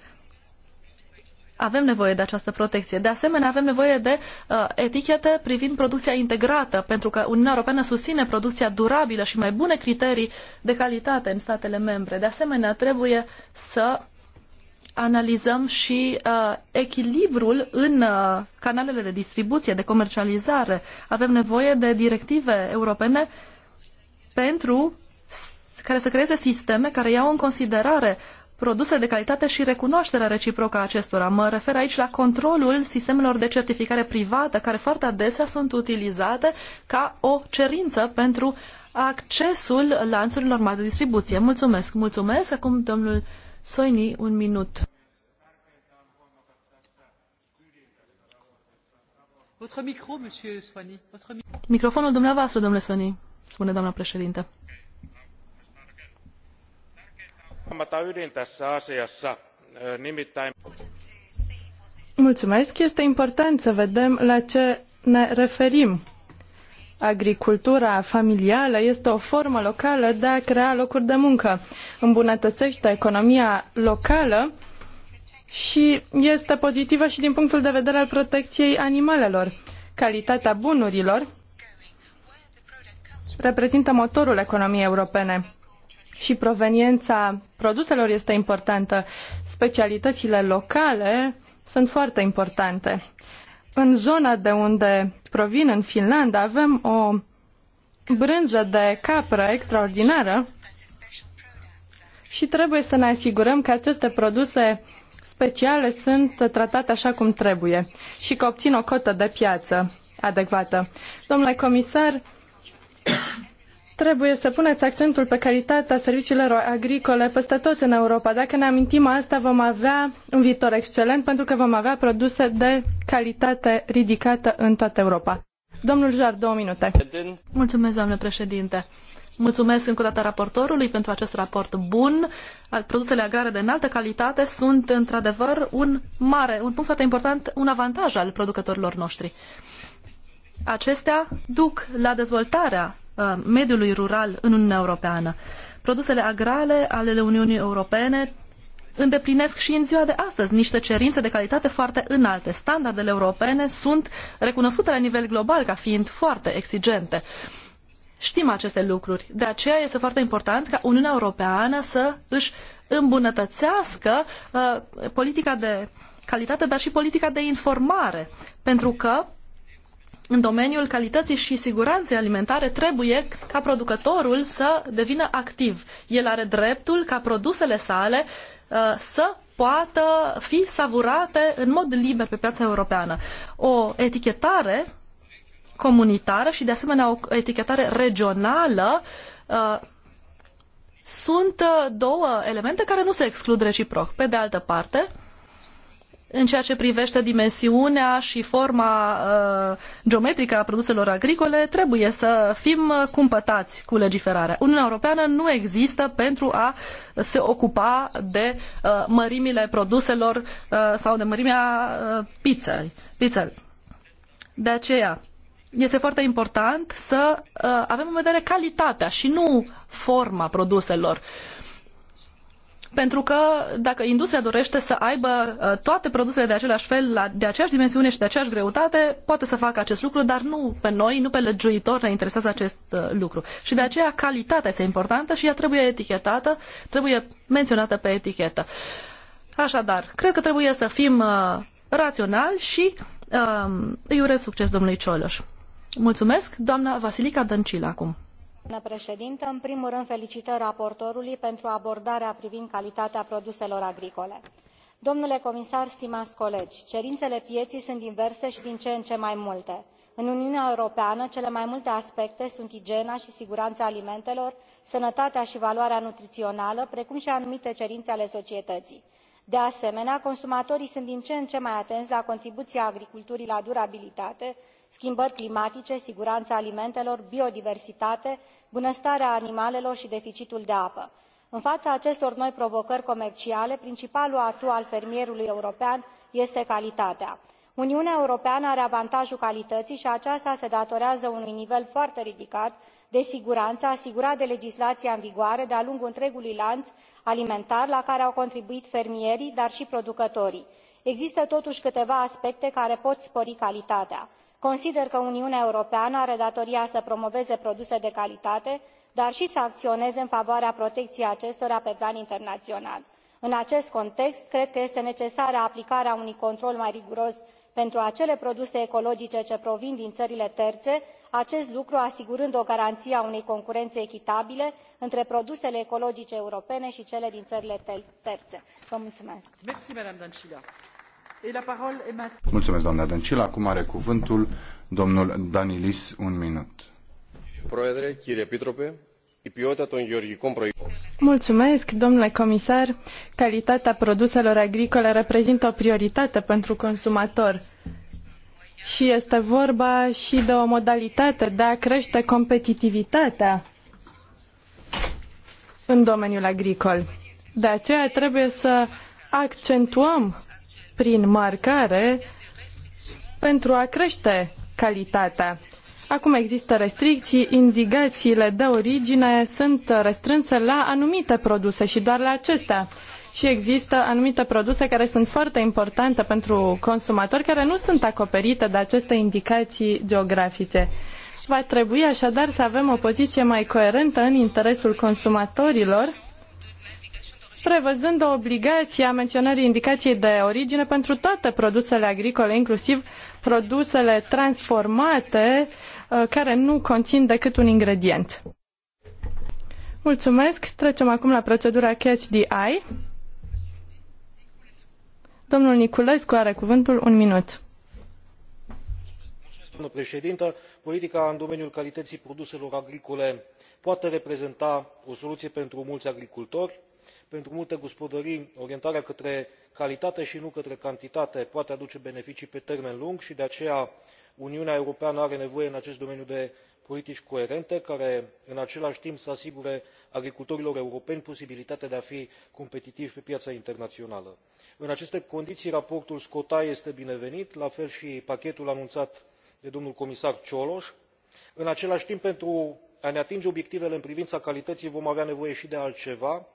avem nevoie de această protecție. De asemenea, avem nevoie de uh, etichete privind producția integrată, pentru că Uniunea Europeană susține producția durabilă și mai bune criterii de calitate în statele membre. De asemenea, trebuie să analizăm și uh, echilibrul în uh, canalele de distribuție, de comercializare. Avem nevoie de directive europene pentru care să creeze sisteme care iau în considerare produse de calitate și recunoașterea reciprocă a acestora. Mă refer aici la controlul sistemelor de certificare privată, care foarte adesea sunt utilizate ca o cerință pentru accesul lanțului normal de distribuție. Mulțumesc, mulțumesc. Acum domnul Soini, un minut. Microfonul dumneavoastră, domnule Soini, spune doamna președinte ydin tässä asiassa, nimittäin... Mulțumesc. Este important să vedem la ce ne referim. Agricultura familială este o formă locală de a crea locuri de muncă. Îmbunătățește economia locală și este pozitivă și din punctul de vedere al protecției animalelor. Calitatea bunurilor reprezintă motorul economiei europene și proveniența produselor este importantă. Specialitățile locale sunt foarte importante. În zona de unde provin, în Finlanda, avem o brânză de capră extraordinară și trebuie să ne asigurăm că aceste produse speciale sunt tratate așa cum trebuie și că obțin o cotă de piață adecvată. Domnule comisar, Trebuie să puneți accentul pe calitatea serviciilor agricole peste tot în Europa. Dacă ne amintim asta, vom avea un viitor excelent pentru că vom avea produse de calitate ridicată în toată Europa. Domnul Jar, două minute. Mulțumesc, doamnă președinte. Mulțumesc încă o dată raportorului pentru acest raport bun. Produsele agrare de înaltă calitate sunt într-adevăr un mare, un punct foarte important, un avantaj al producătorilor noștri. Acestea duc la dezvoltarea mediului rural în Uniunea Europeană. Produsele agrare ale Uniunii Europene îndeplinesc și în ziua de astăzi niște cerințe de calitate foarte înalte. Standardele europene sunt recunoscute la nivel global ca fiind foarte exigente. Știm aceste lucruri. De aceea este foarte important ca Uniunea Europeană să își îmbunătățească uh, politica de calitate, dar și politica de informare. Pentru că în domeniul calității și siguranței alimentare trebuie ca producătorul să devină activ. El are dreptul ca produsele sale uh, să poată fi savurate în mod liber pe piața europeană. O etichetare comunitară și de asemenea o etichetare regională uh, sunt uh, două elemente care nu se exclud reciproc. Pe de altă parte, în ceea ce privește dimensiunea și forma uh, geometrică a produselor agricole, trebuie să fim cumpătați cu legiferarea. Uniunea Europeană nu există pentru a se ocupa de uh, mărimile produselor uh, sau de mărimea uh, pizzei. De aceea, este foarte important să uh, avem în vedere calitatea și nu forma produselor. Uh, pentru că dacă industria dorește să aibă uh, toate produsele de același fel, de aceeași dimensiune și de aceeași greutate, poate să facă acest lucru, dar nu pe noi, nu pe legiuitor ne interesează acest uh, lucru. Și de aceea calitatea este importantă și ea trebuie etichetată, trebuie menționată pe etichetă. Așadar, cred că trebuie să fim uh, raționali și um, îi urez succes domnului Cioloș. Mulțumesc, doamna Vasilica Dăncilă acum în primul rând felicitări raportorului pentru abordarea privind calitatea produselor agricole. domnule comisar stimați colegi cerințele pieței sunt diverse și din ce în ce mai multe. în uniunea europeană cele mai multe aspecte sunt igiena și siguranța alimentelor sănătatea și valoarea nutrițională precum și anumite cerințe ale societății de asemenea consumatorii sunt din ce în ce mai atenți la contribuția agriculturii la durabilitate schimbări climatice siguranța alimentelor biodiversitate bunăstarea animalelor și deficitul de apă. în fața acestor noi provocări comerciale principalul atu al fermierului european este calitatea uniunea europeană are avantajul calităii i aceasta se datorează unui nivel foarte ridicat de sigurană asigurat de legislaia în vigoare de a lungul întregului lan alimentar la care au contribuit fermierii dar i producătorii. există totui câteva aspecte care pot spori calitatea consider că uniunea europeană are datoria să promoveze produse de calitate dar i să acioneze în favoarea proteciei acestora pe plan internaional. în acest context cred că este necesară aplicarea unui control mai riguros pentru acele produse ecologice ce provin din țările terțe acest lucru asigurând o garanție a unei concurențe echitabile între produsele ecologice europene și cele din țările terțe. mulțumesc. Mulțumesc, Acum are cuvântul domnul Danilis, un minut domnule comisar. Calitatea produselor agricole reprezintă o prioritate pentru consumator. Și este vorba și de o modalitate de a crește competitivitatea în domeniul agricol. De aceea trebuie să accentuăm prin marcare pentru a crește calitatea. Acum există restricții, indicațiile de origine sunt restrânse la anumite produse și doar la acestea și există anumite produse care sunt foarte importante pentru consumatori, care nu sunt acoperite de aceste indicații geografice. Va trebui așadar să avem o poziție mai coerentă în interesul consumatorilor, prevăzând o obligație a menționării indicației de origine pentru toate produsele agricole, inclusiv produsele transformate uh, Uh, care nu conțin decât un ingredient. Mulțumesc. Trecem acum la procedura Catch the Eye. Domnul Niculescu are cuvântul un minut. Doamnă președintă, politica în domeniul calității produselor agricole poate reprezenta o soluție pentru mulți agricultori. Pentru multe gospodării, orientarea către calitate și nu către cantitate poate aduce beneficii pe termen lung și de aceea uniunea europeană are nevoie în acest domeniu de politici coerente care în același timp să asigure agricultorilor europeni posibilitatea de a fi competitivi pe piața internațională. în aceste condiții raportul scott este binevenit la fel și pachetul anunțat de domnul comisar ciolo. în același timp pentru a ne atinge obiectivele în privința calității vom avea nevoie și de altceva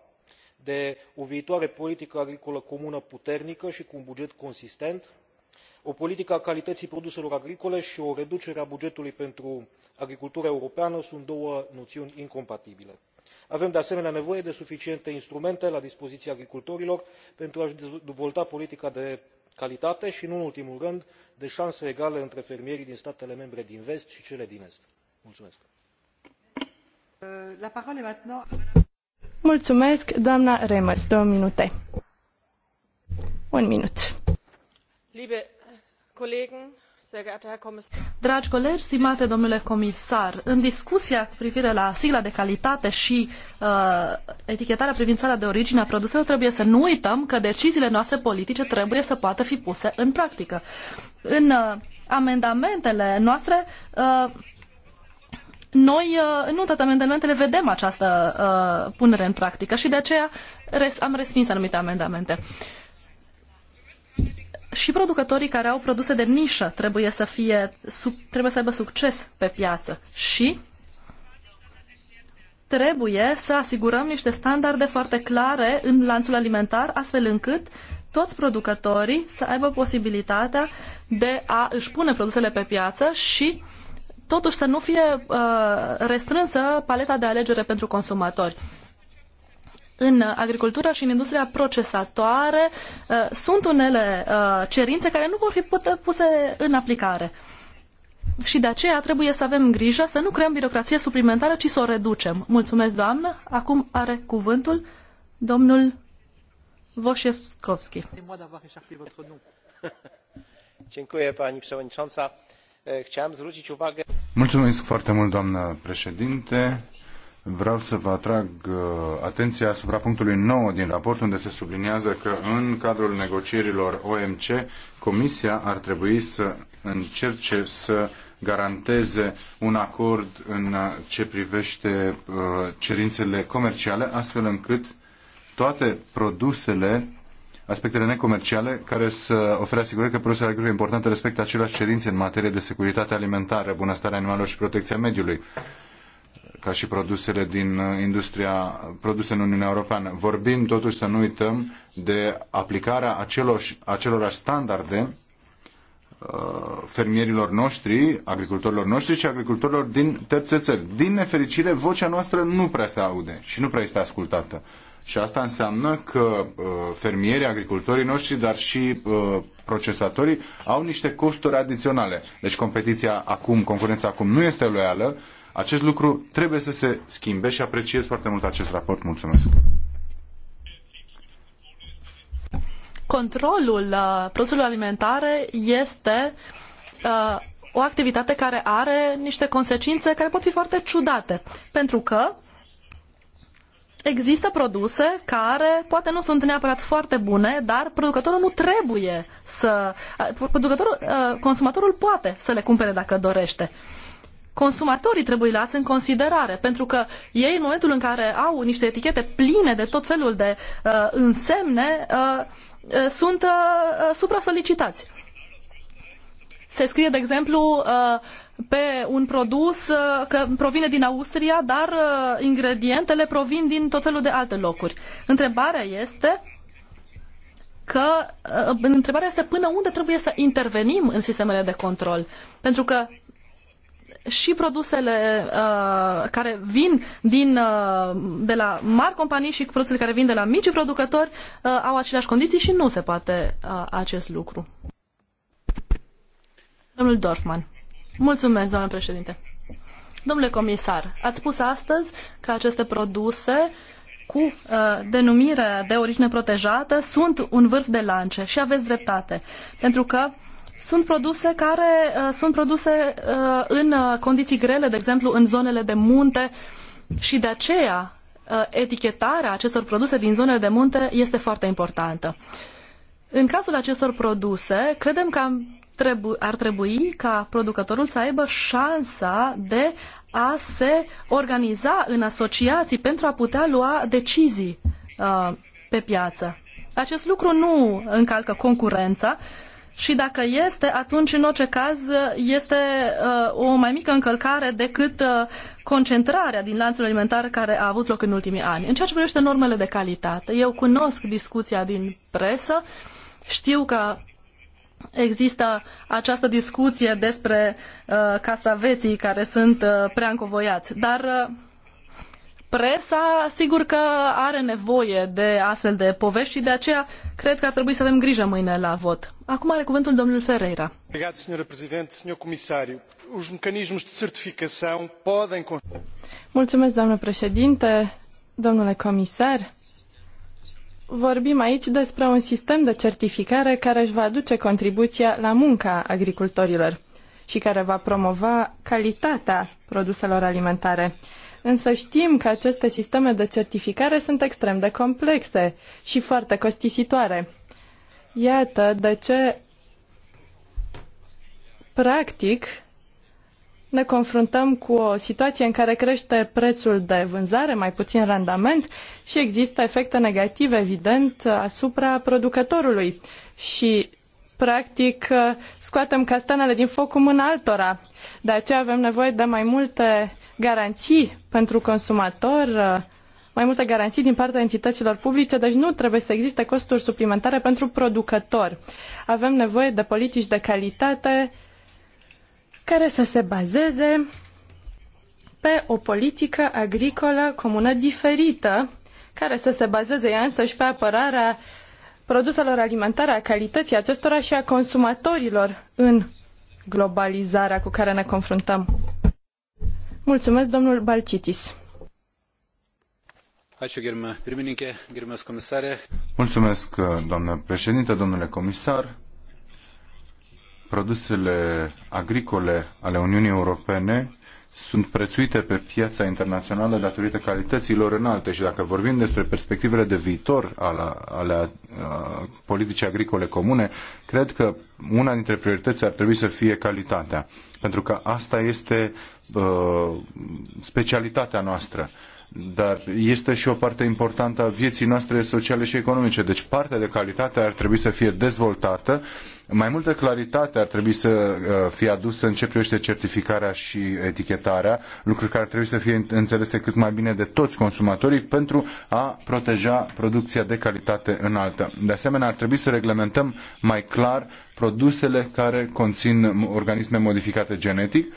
de o viitoare politică agricolă comună puternică și cu un buget consistent o politică a calității produselor agricole și o reducere a bugetului pentru agricultura europeană sunt două noțiuni incompatibile. avem de asemenea nevoie de suficiente instrumente la dispoziția agricultorilor pentru a și dezvolta politica de calitate și nu în ultimul rând de șanse egale între fermierii din statele membre din vest și cele din est. Mulțumesc. Mulțumesc, două minute. Un minut. Dragi colegi, stimate domnule comisar, în discuția cu privire la sigla de calitate și uh, etichetarea privind țara de origine a produselor, trebuie să nu uităm că deciziile noastre politice trebuie să poată fi puse în practică. În uh, amendamentele noastre, uh, noi, uh, nu toate amendamentele, vedem această uh, punere în practică și de aceea res am respins anumite amendamente și producătorii care au produse de nișă trebuie să, fie, trebuie să aibă succes pe piață și trebuie să asigurăm niște standarde foarte clare în lanțul alimentar, astfel încât toți producătorii să aibă posibilitatea de a își pune produsele pe piață și totuși să nu fie uh, restrânsă paleta de alegere pentru consumatori în agricultură și în industria procesatoare uh, sunt unele uh, cerințe care nu vor fi puse în aplicare. Și de aceea trebuie să avem grijă să nu creăm birocrație suplimentară, ci să o reducem. Mulțumesc, doamnă. Acum are cuvântul domnul Voșevskovski. (laughs) Mulțumesc foarte mult, doamnă președinte vreau să vă atrag uh, atenția asupra punctului 9 din raport, unde se subliniază că în cadrul negocierilor OMC, Comisia ar trebui să încerce să garanteze un acord în uh, ce privește uh, cerințele comerciale, astfel încât toate produsele aspectele necomerciale care să ofere asigurări că produsele agricole importante respectă aceleași cerințe în materie de securitate alimentară, bunăstare animalelor și protecția mediului ca și produsele din uh, industria produse în Uniunea Europeană. Vorbim totuși să nu uităm de aplicarea acelor, standarde uh, fermierilor noștri, agricultorilor noștri și agricultorilor din terțe țări. Din nefericire, vocea noastră nu prea se aude și nu prea este ascultată. Și asta înseamnă că uh, fermierii, agricultorii noștri, dar și procesatorii au niște costuri adiționale. Deci competiția acum, concurența acum nu este loială acest lucru trebuie să se schimbe și apreciez foarte mult acest raport. Mulțumesc! Controlul uh, produselor alimentare este uh, o activitate care are niște consecințe care pot fi foarte ciudate, pentru că există produse care poate nu sunt neapărat foarte bune, dar producătorul nu trebuie să... Uh, producătorul, consumatorul poate să le cumpere dacă dorește consumatorii trebuie luați în considerare, pentru că ei în momentul în care au niște etichete pline de tot felul de uh, însemne, uh, uh, sunt uh, uh supra-solicitați. Se scrie, de exemplu, uh, pe un produs uh, că provine din Austria, dar uh, ingredientele provin din tot felul de alte locuri. Întrebarea este că întrebarea este până unde trebuie să intervenim în sistemele de control, pentru că și produsele uh, care vin din, uh, de la mari companii și produsele care vin de la mici producători uh, au aceleași condiții și nu se poate uh, acest lucru. Domnul Dorfman. Mulțumesc, doamnă președinte. Domnule comisar, ați spus astăzi că aceste produse cu uh, denumire de origine protejată sunt un vârf de lance și aveți dreptate, pentru că sunt produse care uh, sunt produse uh, în uh, condiții grele, de exemplu în zonele de munte și de aceea uh, etichetarea acestor produse din zonele de munte este foarte importantă. În cazul acestor produse, credem că am trebu- ar trebui ca producătorul să aibă șansa de a se organiza în asociații pentru a putea lua decizii uh, pe piață. Acest lucru nu încalcă concurența, uh, și dacă este, atunci în orice caz este uh, o mai mică încălcare decât uh, concentrarea din lanțul alimentar care a avut loc în ultimii ani. În ceea ce privește normele de calitate, eu cunosc discuția din presă, știu că există această discuție despre uh, castraveții care sunt uh, prea încovoiați, dar uh, presa, sigur că are nevoie de astfel de povești și de aceea cred că ar trebui să avem grijă mâine la vot. Acum are cuvântul domnul Ferreira. Obrigado, senhora presidente, senhor comissário. Os mecanismos de certificação podem Mulțumesc, doamnă președinte, domnule comisar. Vorbim aici despre un sistem de certificare care își va aduce contribuția la munca agricultorilor și care va promova calitatea produselor alimentare însă știm că aceste sisteme de certificare sunt extrem de complexe și foarte costisitoare. Iată de ce, practic, ne confruntăm cu o situație în care crește prețul de vânzare, mai puțin randament și există efecte negative, evident, asupra producătorului. Și practic uh, scoatem castanele din foc cu mâna altora. De aceea avem nevoie de mai multe garanții pentru consumator, uh, mai multe garanții din partea entităților publice, deci nu trebuie să existe costuri suplimentare pentru producători. Avem nevoie de politici de calitate care să se bazeze pe o politică agricolă comună diferită, care să se bazeze ea și pe apărarea uh, produselor alimentare, a calității acestora și a consumatorilor în globalizarea cu care ne confruntăm. Mulțumesc, domnul Balcitis. Mulțumesc, doamnă președinte, domnule comisar. Produsele agricole ale Uniunii Europene sunt prețuite pe piața internațională datorită lor înalte și dacă vorbim despre perspectivele de viitor ale, ale a, uh, politicii agricole comune, cred că una dintre priorități ar trebui să fie calitatea, pentru că asta este a, uh, specialitatea noastră dar este și o parte importantă a vieții noastre sociale și economice. Deci partea de calitate ar trebui să fie dezvoltată, mai multă claritate ar trebui să uh, fie adusă în ce privește certificarea și etichetarea, lucruri care ar trebui să fie înțelese cât mai bine de toți consumatorii pentru a proteja producția de calitate înaltă. De asemenea, ar trebui să reglementăm mai clar produsele care conțin organisme modificate genetic,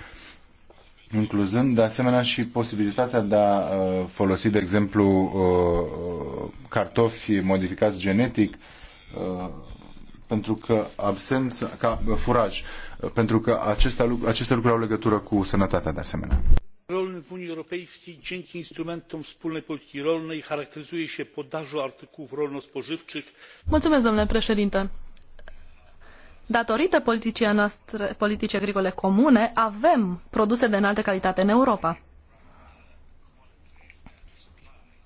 incluzând de asemenea și posibilitatea de a uh, folosi, de exemplu, uh, uh, cartofi modificați genetic pentru că absența, ca furaj, pentru că aceste, aceste lucruri au legătură cu sănătatea de asemenea. Rolny w Unii Europejskiej dzięki instrumentom wspólnej polityki rolnej charakteryzuje się podażą artykułów rolno-spożywczych. Mulțumesc, domnule președinte datorită politicii noastre, politicii agricole comune, avem produse de înaltă calitate în Europa.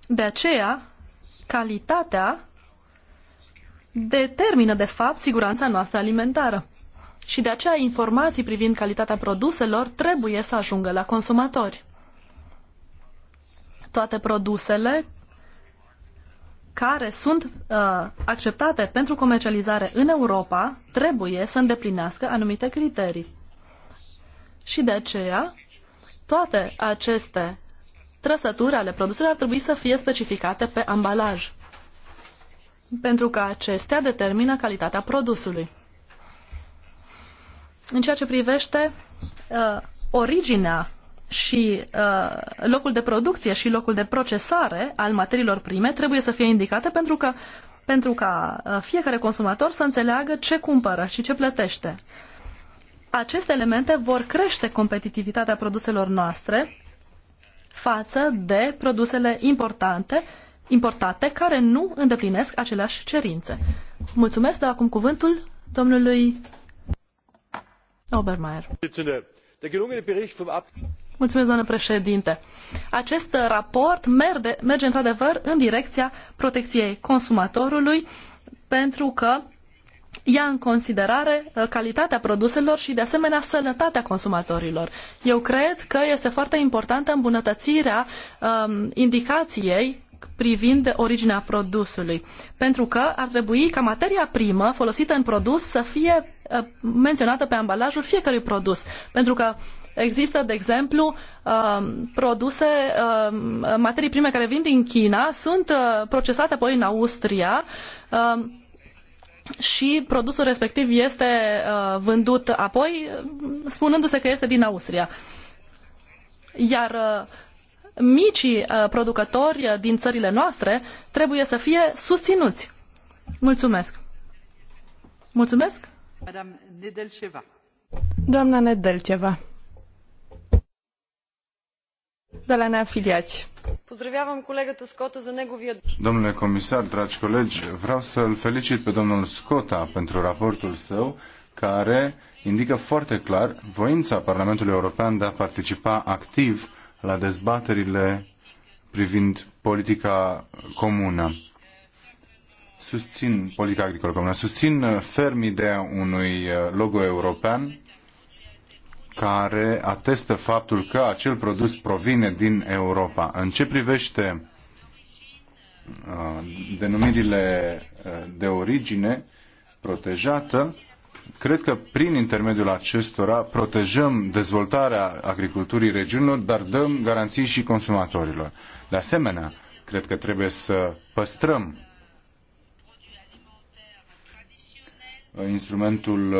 De aceea, calitatea determină, de fapt, siguranța noastră alimentară. Și de aceea informații privind calitatea produselor trebuie să ajungă la consumatori. Toate produsele care sunt uh, acceptate pentru comercializare în Europa trebuie să îndeplinească anumite criterii. Și de aceea, toate aceste trăsături ale produselor ar trebui să fie specificate pe ambalaj, pentru că acestea determină calitatea produsului. În ceea ce privește uh, originea și uh, locul de producție și locul de procesare al materiilor prime trebuie să fie indicate pentru că pentru ca uh, fiecare consumator să înțeleagă ce cumpără și ce plătește. Aceste elemente vor crește competitivitatea produselor noastre față de produsele importante, importate care nu îndeplinesc aceleași cerințe. Mulțumesc, dar acum cuvântul domnului Obermeier Mulțumesc, doamnă președinte. Acest raport merge, merge într-adevăr în direcția protecției consumatorului pentru că ia în considerare uh, calitatea produselor și, de asemenea, sănătatea consumatorilor. Eu cred că este foarte importantă îmbunătățirea um, indicației privind originea produsului, pentru că ar trebui ca materia primă folosită în produs să fie uh, menționată pe ambalajul fiecărui produs, pentru că Există, de exemplu, um, produse, um, materii prime care vin din China, sunt uh, procesate apoi în Austria um, și produsul respectiv este uh, vândut apoi, spunându-se că este din Austria. Iar uh, micii producători din țările noastre trebuie să fie susținuți. Mulțumesc! Mulțumesc! Doamna Nedelceva. Domnule comisar, dragi colegi, vreau să îl felicit pe domnul scotta pentru raportul său care indică foarte clar voința Parlamentului European de a participa activ la dezbaterile privind politica comună. Susțin politica agricolă comună, susțin ferm ideea unui logo european care atestă faptul că acel produs provine din Europa. În ce privește uh, denumirile uh, de origine protejată, cred că prin intermediul acestora protejăm dezvoltarea agriculturii regiunilor, dar dăm garanții și consumatorilor. De asemenea, cred că trebuie să păstrăm uh, instrumentul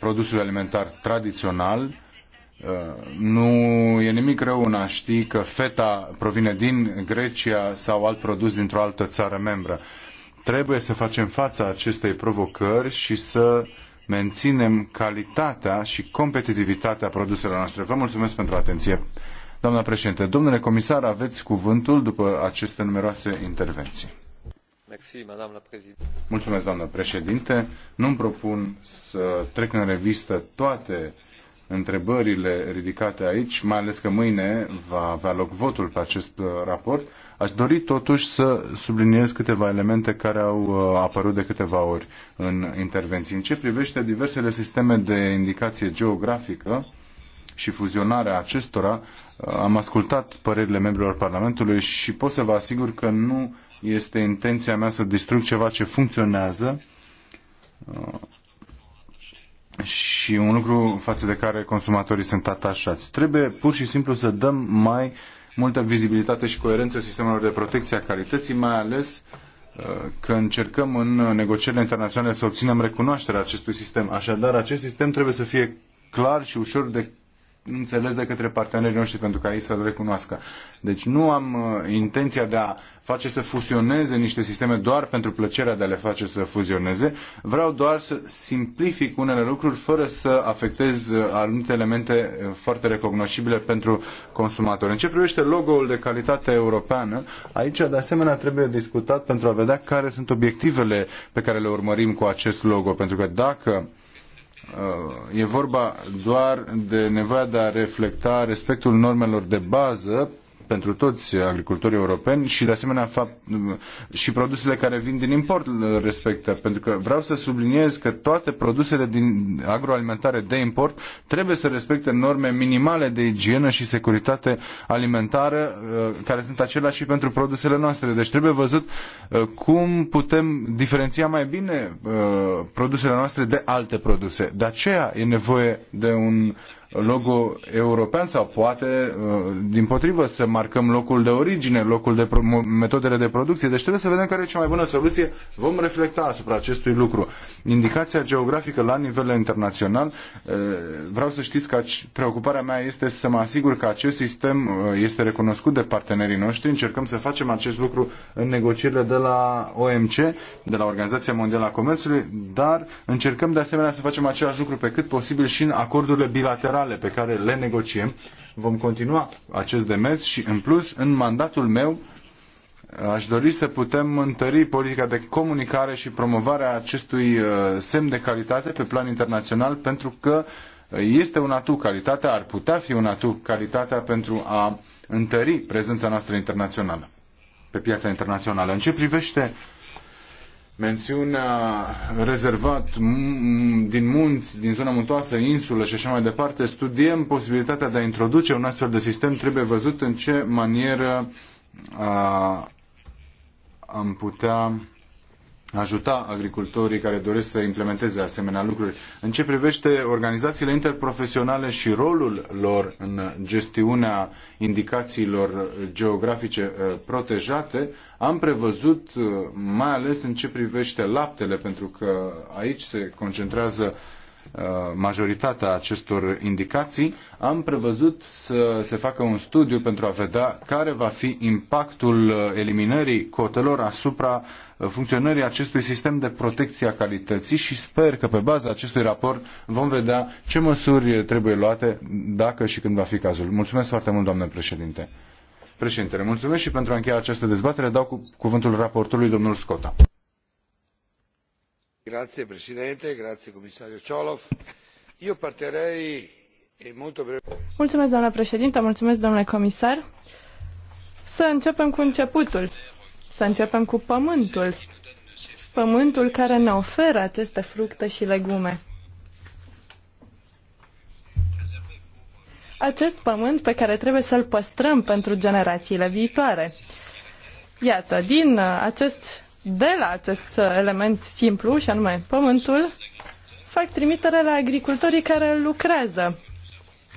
produsului alimentar tradițional Uh, nu e nimic rău în a ști că feta provine din Grecia sau alt produs dintr-o altă țară membră. Trebuie să facem fața acestei provocări și să menținem calitatea și competitivitatea produselor noastre. Vă mulțumesc pentru atenție. Doamna președinte, domnule comisar, aveți cuvântul după aceste numeroase intervenții. Mulțumesc, doamnă președinte. Nu-mi propun să trec în revistă toate întrebările ridicate aici, mai ales că mâine va avea loc votul pe acest uh, raport. Aș dori totuși să subliniez câteva elemente care au uh, apărut de câteva ori în intervenții. În ce privește diversele sisteme de indicație geografică și fuzionarea acestora, uh, am ascultat părerile membrilor Parlamentului și pot să vă asigur că nu este intenția mea să distrug ceva ce funcționează și un lucru față de care consumatorii sunt atașați. Trebuie pur și simplu să dăm mai multă vizibilitate și coerență sistemelor de protecție a calității, mai ales uh, că încercăm în negocierile internaționale să obținem recunoașterea acestui sistem. Așadar, acest sistem trebuie să fie clar și ușor de înțeles de către partenerii noștri pentru ca ei să-l recunoască. Deci nu am uh, intenția de a face să fuzioneze niște sisteme doar pentru plăcerea de a le face să fuzioneze. Vreau doar să simplific unele lucruri fără să afectez uh, anumite elemente uh, foarte recunoscibile pentru consumatori. În ce privește logo-ul de calitate europeană, aici de asemenea trebuie discutat pentru a vedea care sunt obiectivele pe care le urmărim cu acest logo. Pentru că dacă Uh, e vorba doar de nevoia de a reflecta respectul normelor de bază pentru toți agricultorii europeni și de asemenea fapt, și produsele care vin din import respectă, pentru că vreau să subliniez că toate produsele din agroalimentare de import trebuie să respecte norme minimale de igienă și securitate alimentară uh, care sunt aceleași și pentru produsele noastre. Deci trebuie văzut uh, cum putem diferenția mai bine uh, produsele noastre de alte produse. De aceea e nevoie de un logo european sau poate, uh, din potrivă, să marcăm locul de origine, locul de metodele de producție. Deci trebuie să vedem care e cea mai bună soluție. Vom reflecta asupra acestui lucru. Indicația geografică la nivel internațional, uh, vreau să știți că preocuparea mea este să mă asigur că acest sistem uh, este recunoscut de partenerii noștri. Încercăm să facem acest lucru în negocierile de la OMC, de la Organizația Mondială a Comerțului, dar încercăm de asemenea să facem același lucru pe cât posibil și în acordurile bilaterale bilaterale pe care le negociem. Vom continua acest demers și, în plus, în mandatul meu, aș dori să putem întări politica de comunicare și promovarea acestui uh, semn de calitate pe plan internațional, pentru că este un atu calitatea, ar putea fi un atu calitatea pentru a întări prezența noastră internațională pe piața internațională. În ce privește uh, mențiunea rezervat din munți, din zona muntoasă, insulă și așa mai departe, studiem posibilitatea de a introduce un astfel de sistem, trebuie văzut în ce manieră a, am putea ajuta agricultorii care doresc să implementeze asemenea lucruri. În ce privește organizațiile interprofesionale și rolul lor în gestiunea indicațiilor geografice eh, protejate, am prevăzut eh, mai ales în ce privește laptele, pentru că aici se concentrează Uh, majoritatea acestor indicații, am prevăzut să se facă un studiu pentru a vedea care va fi impactul uh, eliminării cotelor asupra uh, funcționării acestui sistem de protecție a calității și sper că pe baza acestui raport vom vedea ce măsuri trebuie luate dacă și când va fi cazul. Mulțumesc foarte mult, doamnă președinte. Președintele, mulțumesc și pentru a încheia această dezbatere dau cu cuvântul raportului domnul Scota signor Presidente, grazie Comisario Ciolof. Eu Mulțumesc, doamna președintă, mulțumesc, domnule comisar. Să începem cu începutul. Să începem cu pământul. Pământul care ne oferă aceste fructe și legume. Acest pământ pe care trebuie să-l păstrăm pentru generațiile viitoare. Iată, din acest de la acest element simplu, și anume pământul, fac trimitere la agricultorii care lucrează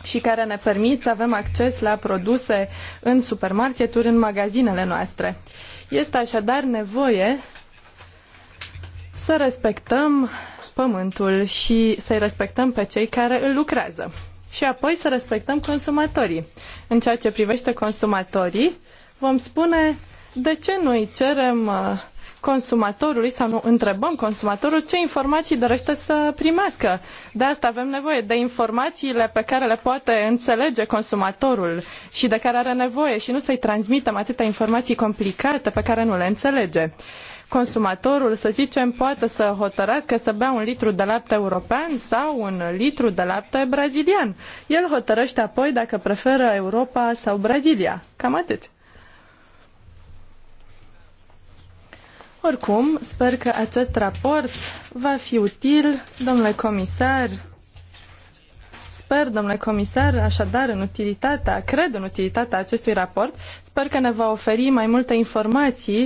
și care ne permit să avem acces la produse în supermarketuri, în magazinele noastre. Este așadar nevoie să respectăm pământul și să-i respectăm pe cei care îl lucrează. Și apoi să respectăm consumatorii. În ceea ce privește consumatorii, vom spune de ce noi cerem uh, consumatorului sau nu întrebăm consumatorul ce informații dorește să primească. De asta avem nevoie de informațiile pe care le poate înțelege consumatorul și de care are nevoie și nu să-i transmitem atâtea informații complicate pe care nu le înțelege consumatorul, să zicem, poate să hotărască să bea un litru de lapte european sau un litru de lapte brazilian. El hotărăște apoi dacă preferă Europa sau Brazilia. Cam atât. Oricum, sper că acest raport va fi util, domnule comisar. Sper, domnule comisar, așadar, în utilitatea, cred în utilitatea acestui raport. Sper că ne va oferi mai multe informații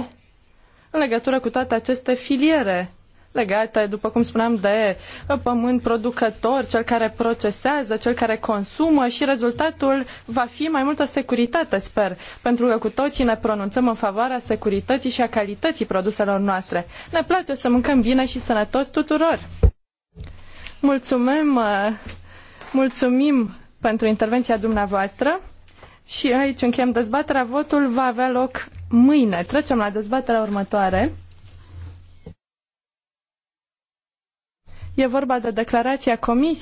în legătură cu toate aceste filiere legate, după cum spuneam, de uh, pământ producător, cel care procesează, cel care consumă și rezultatul va fi mai multă securitate, sper, pentru că cu toții ne pronunțăm în favoarea securității și a calității produselor noastre. Ne place să mâncăm bine și sănătos tuturor! Mulțumim, uh, mulțumim pentru intervenția dumneavoastră și aici încheiem dezbaterea. Votul va avea loc mâine. Trecem la dezbaterea următoare. E vorba de declarația Comisiei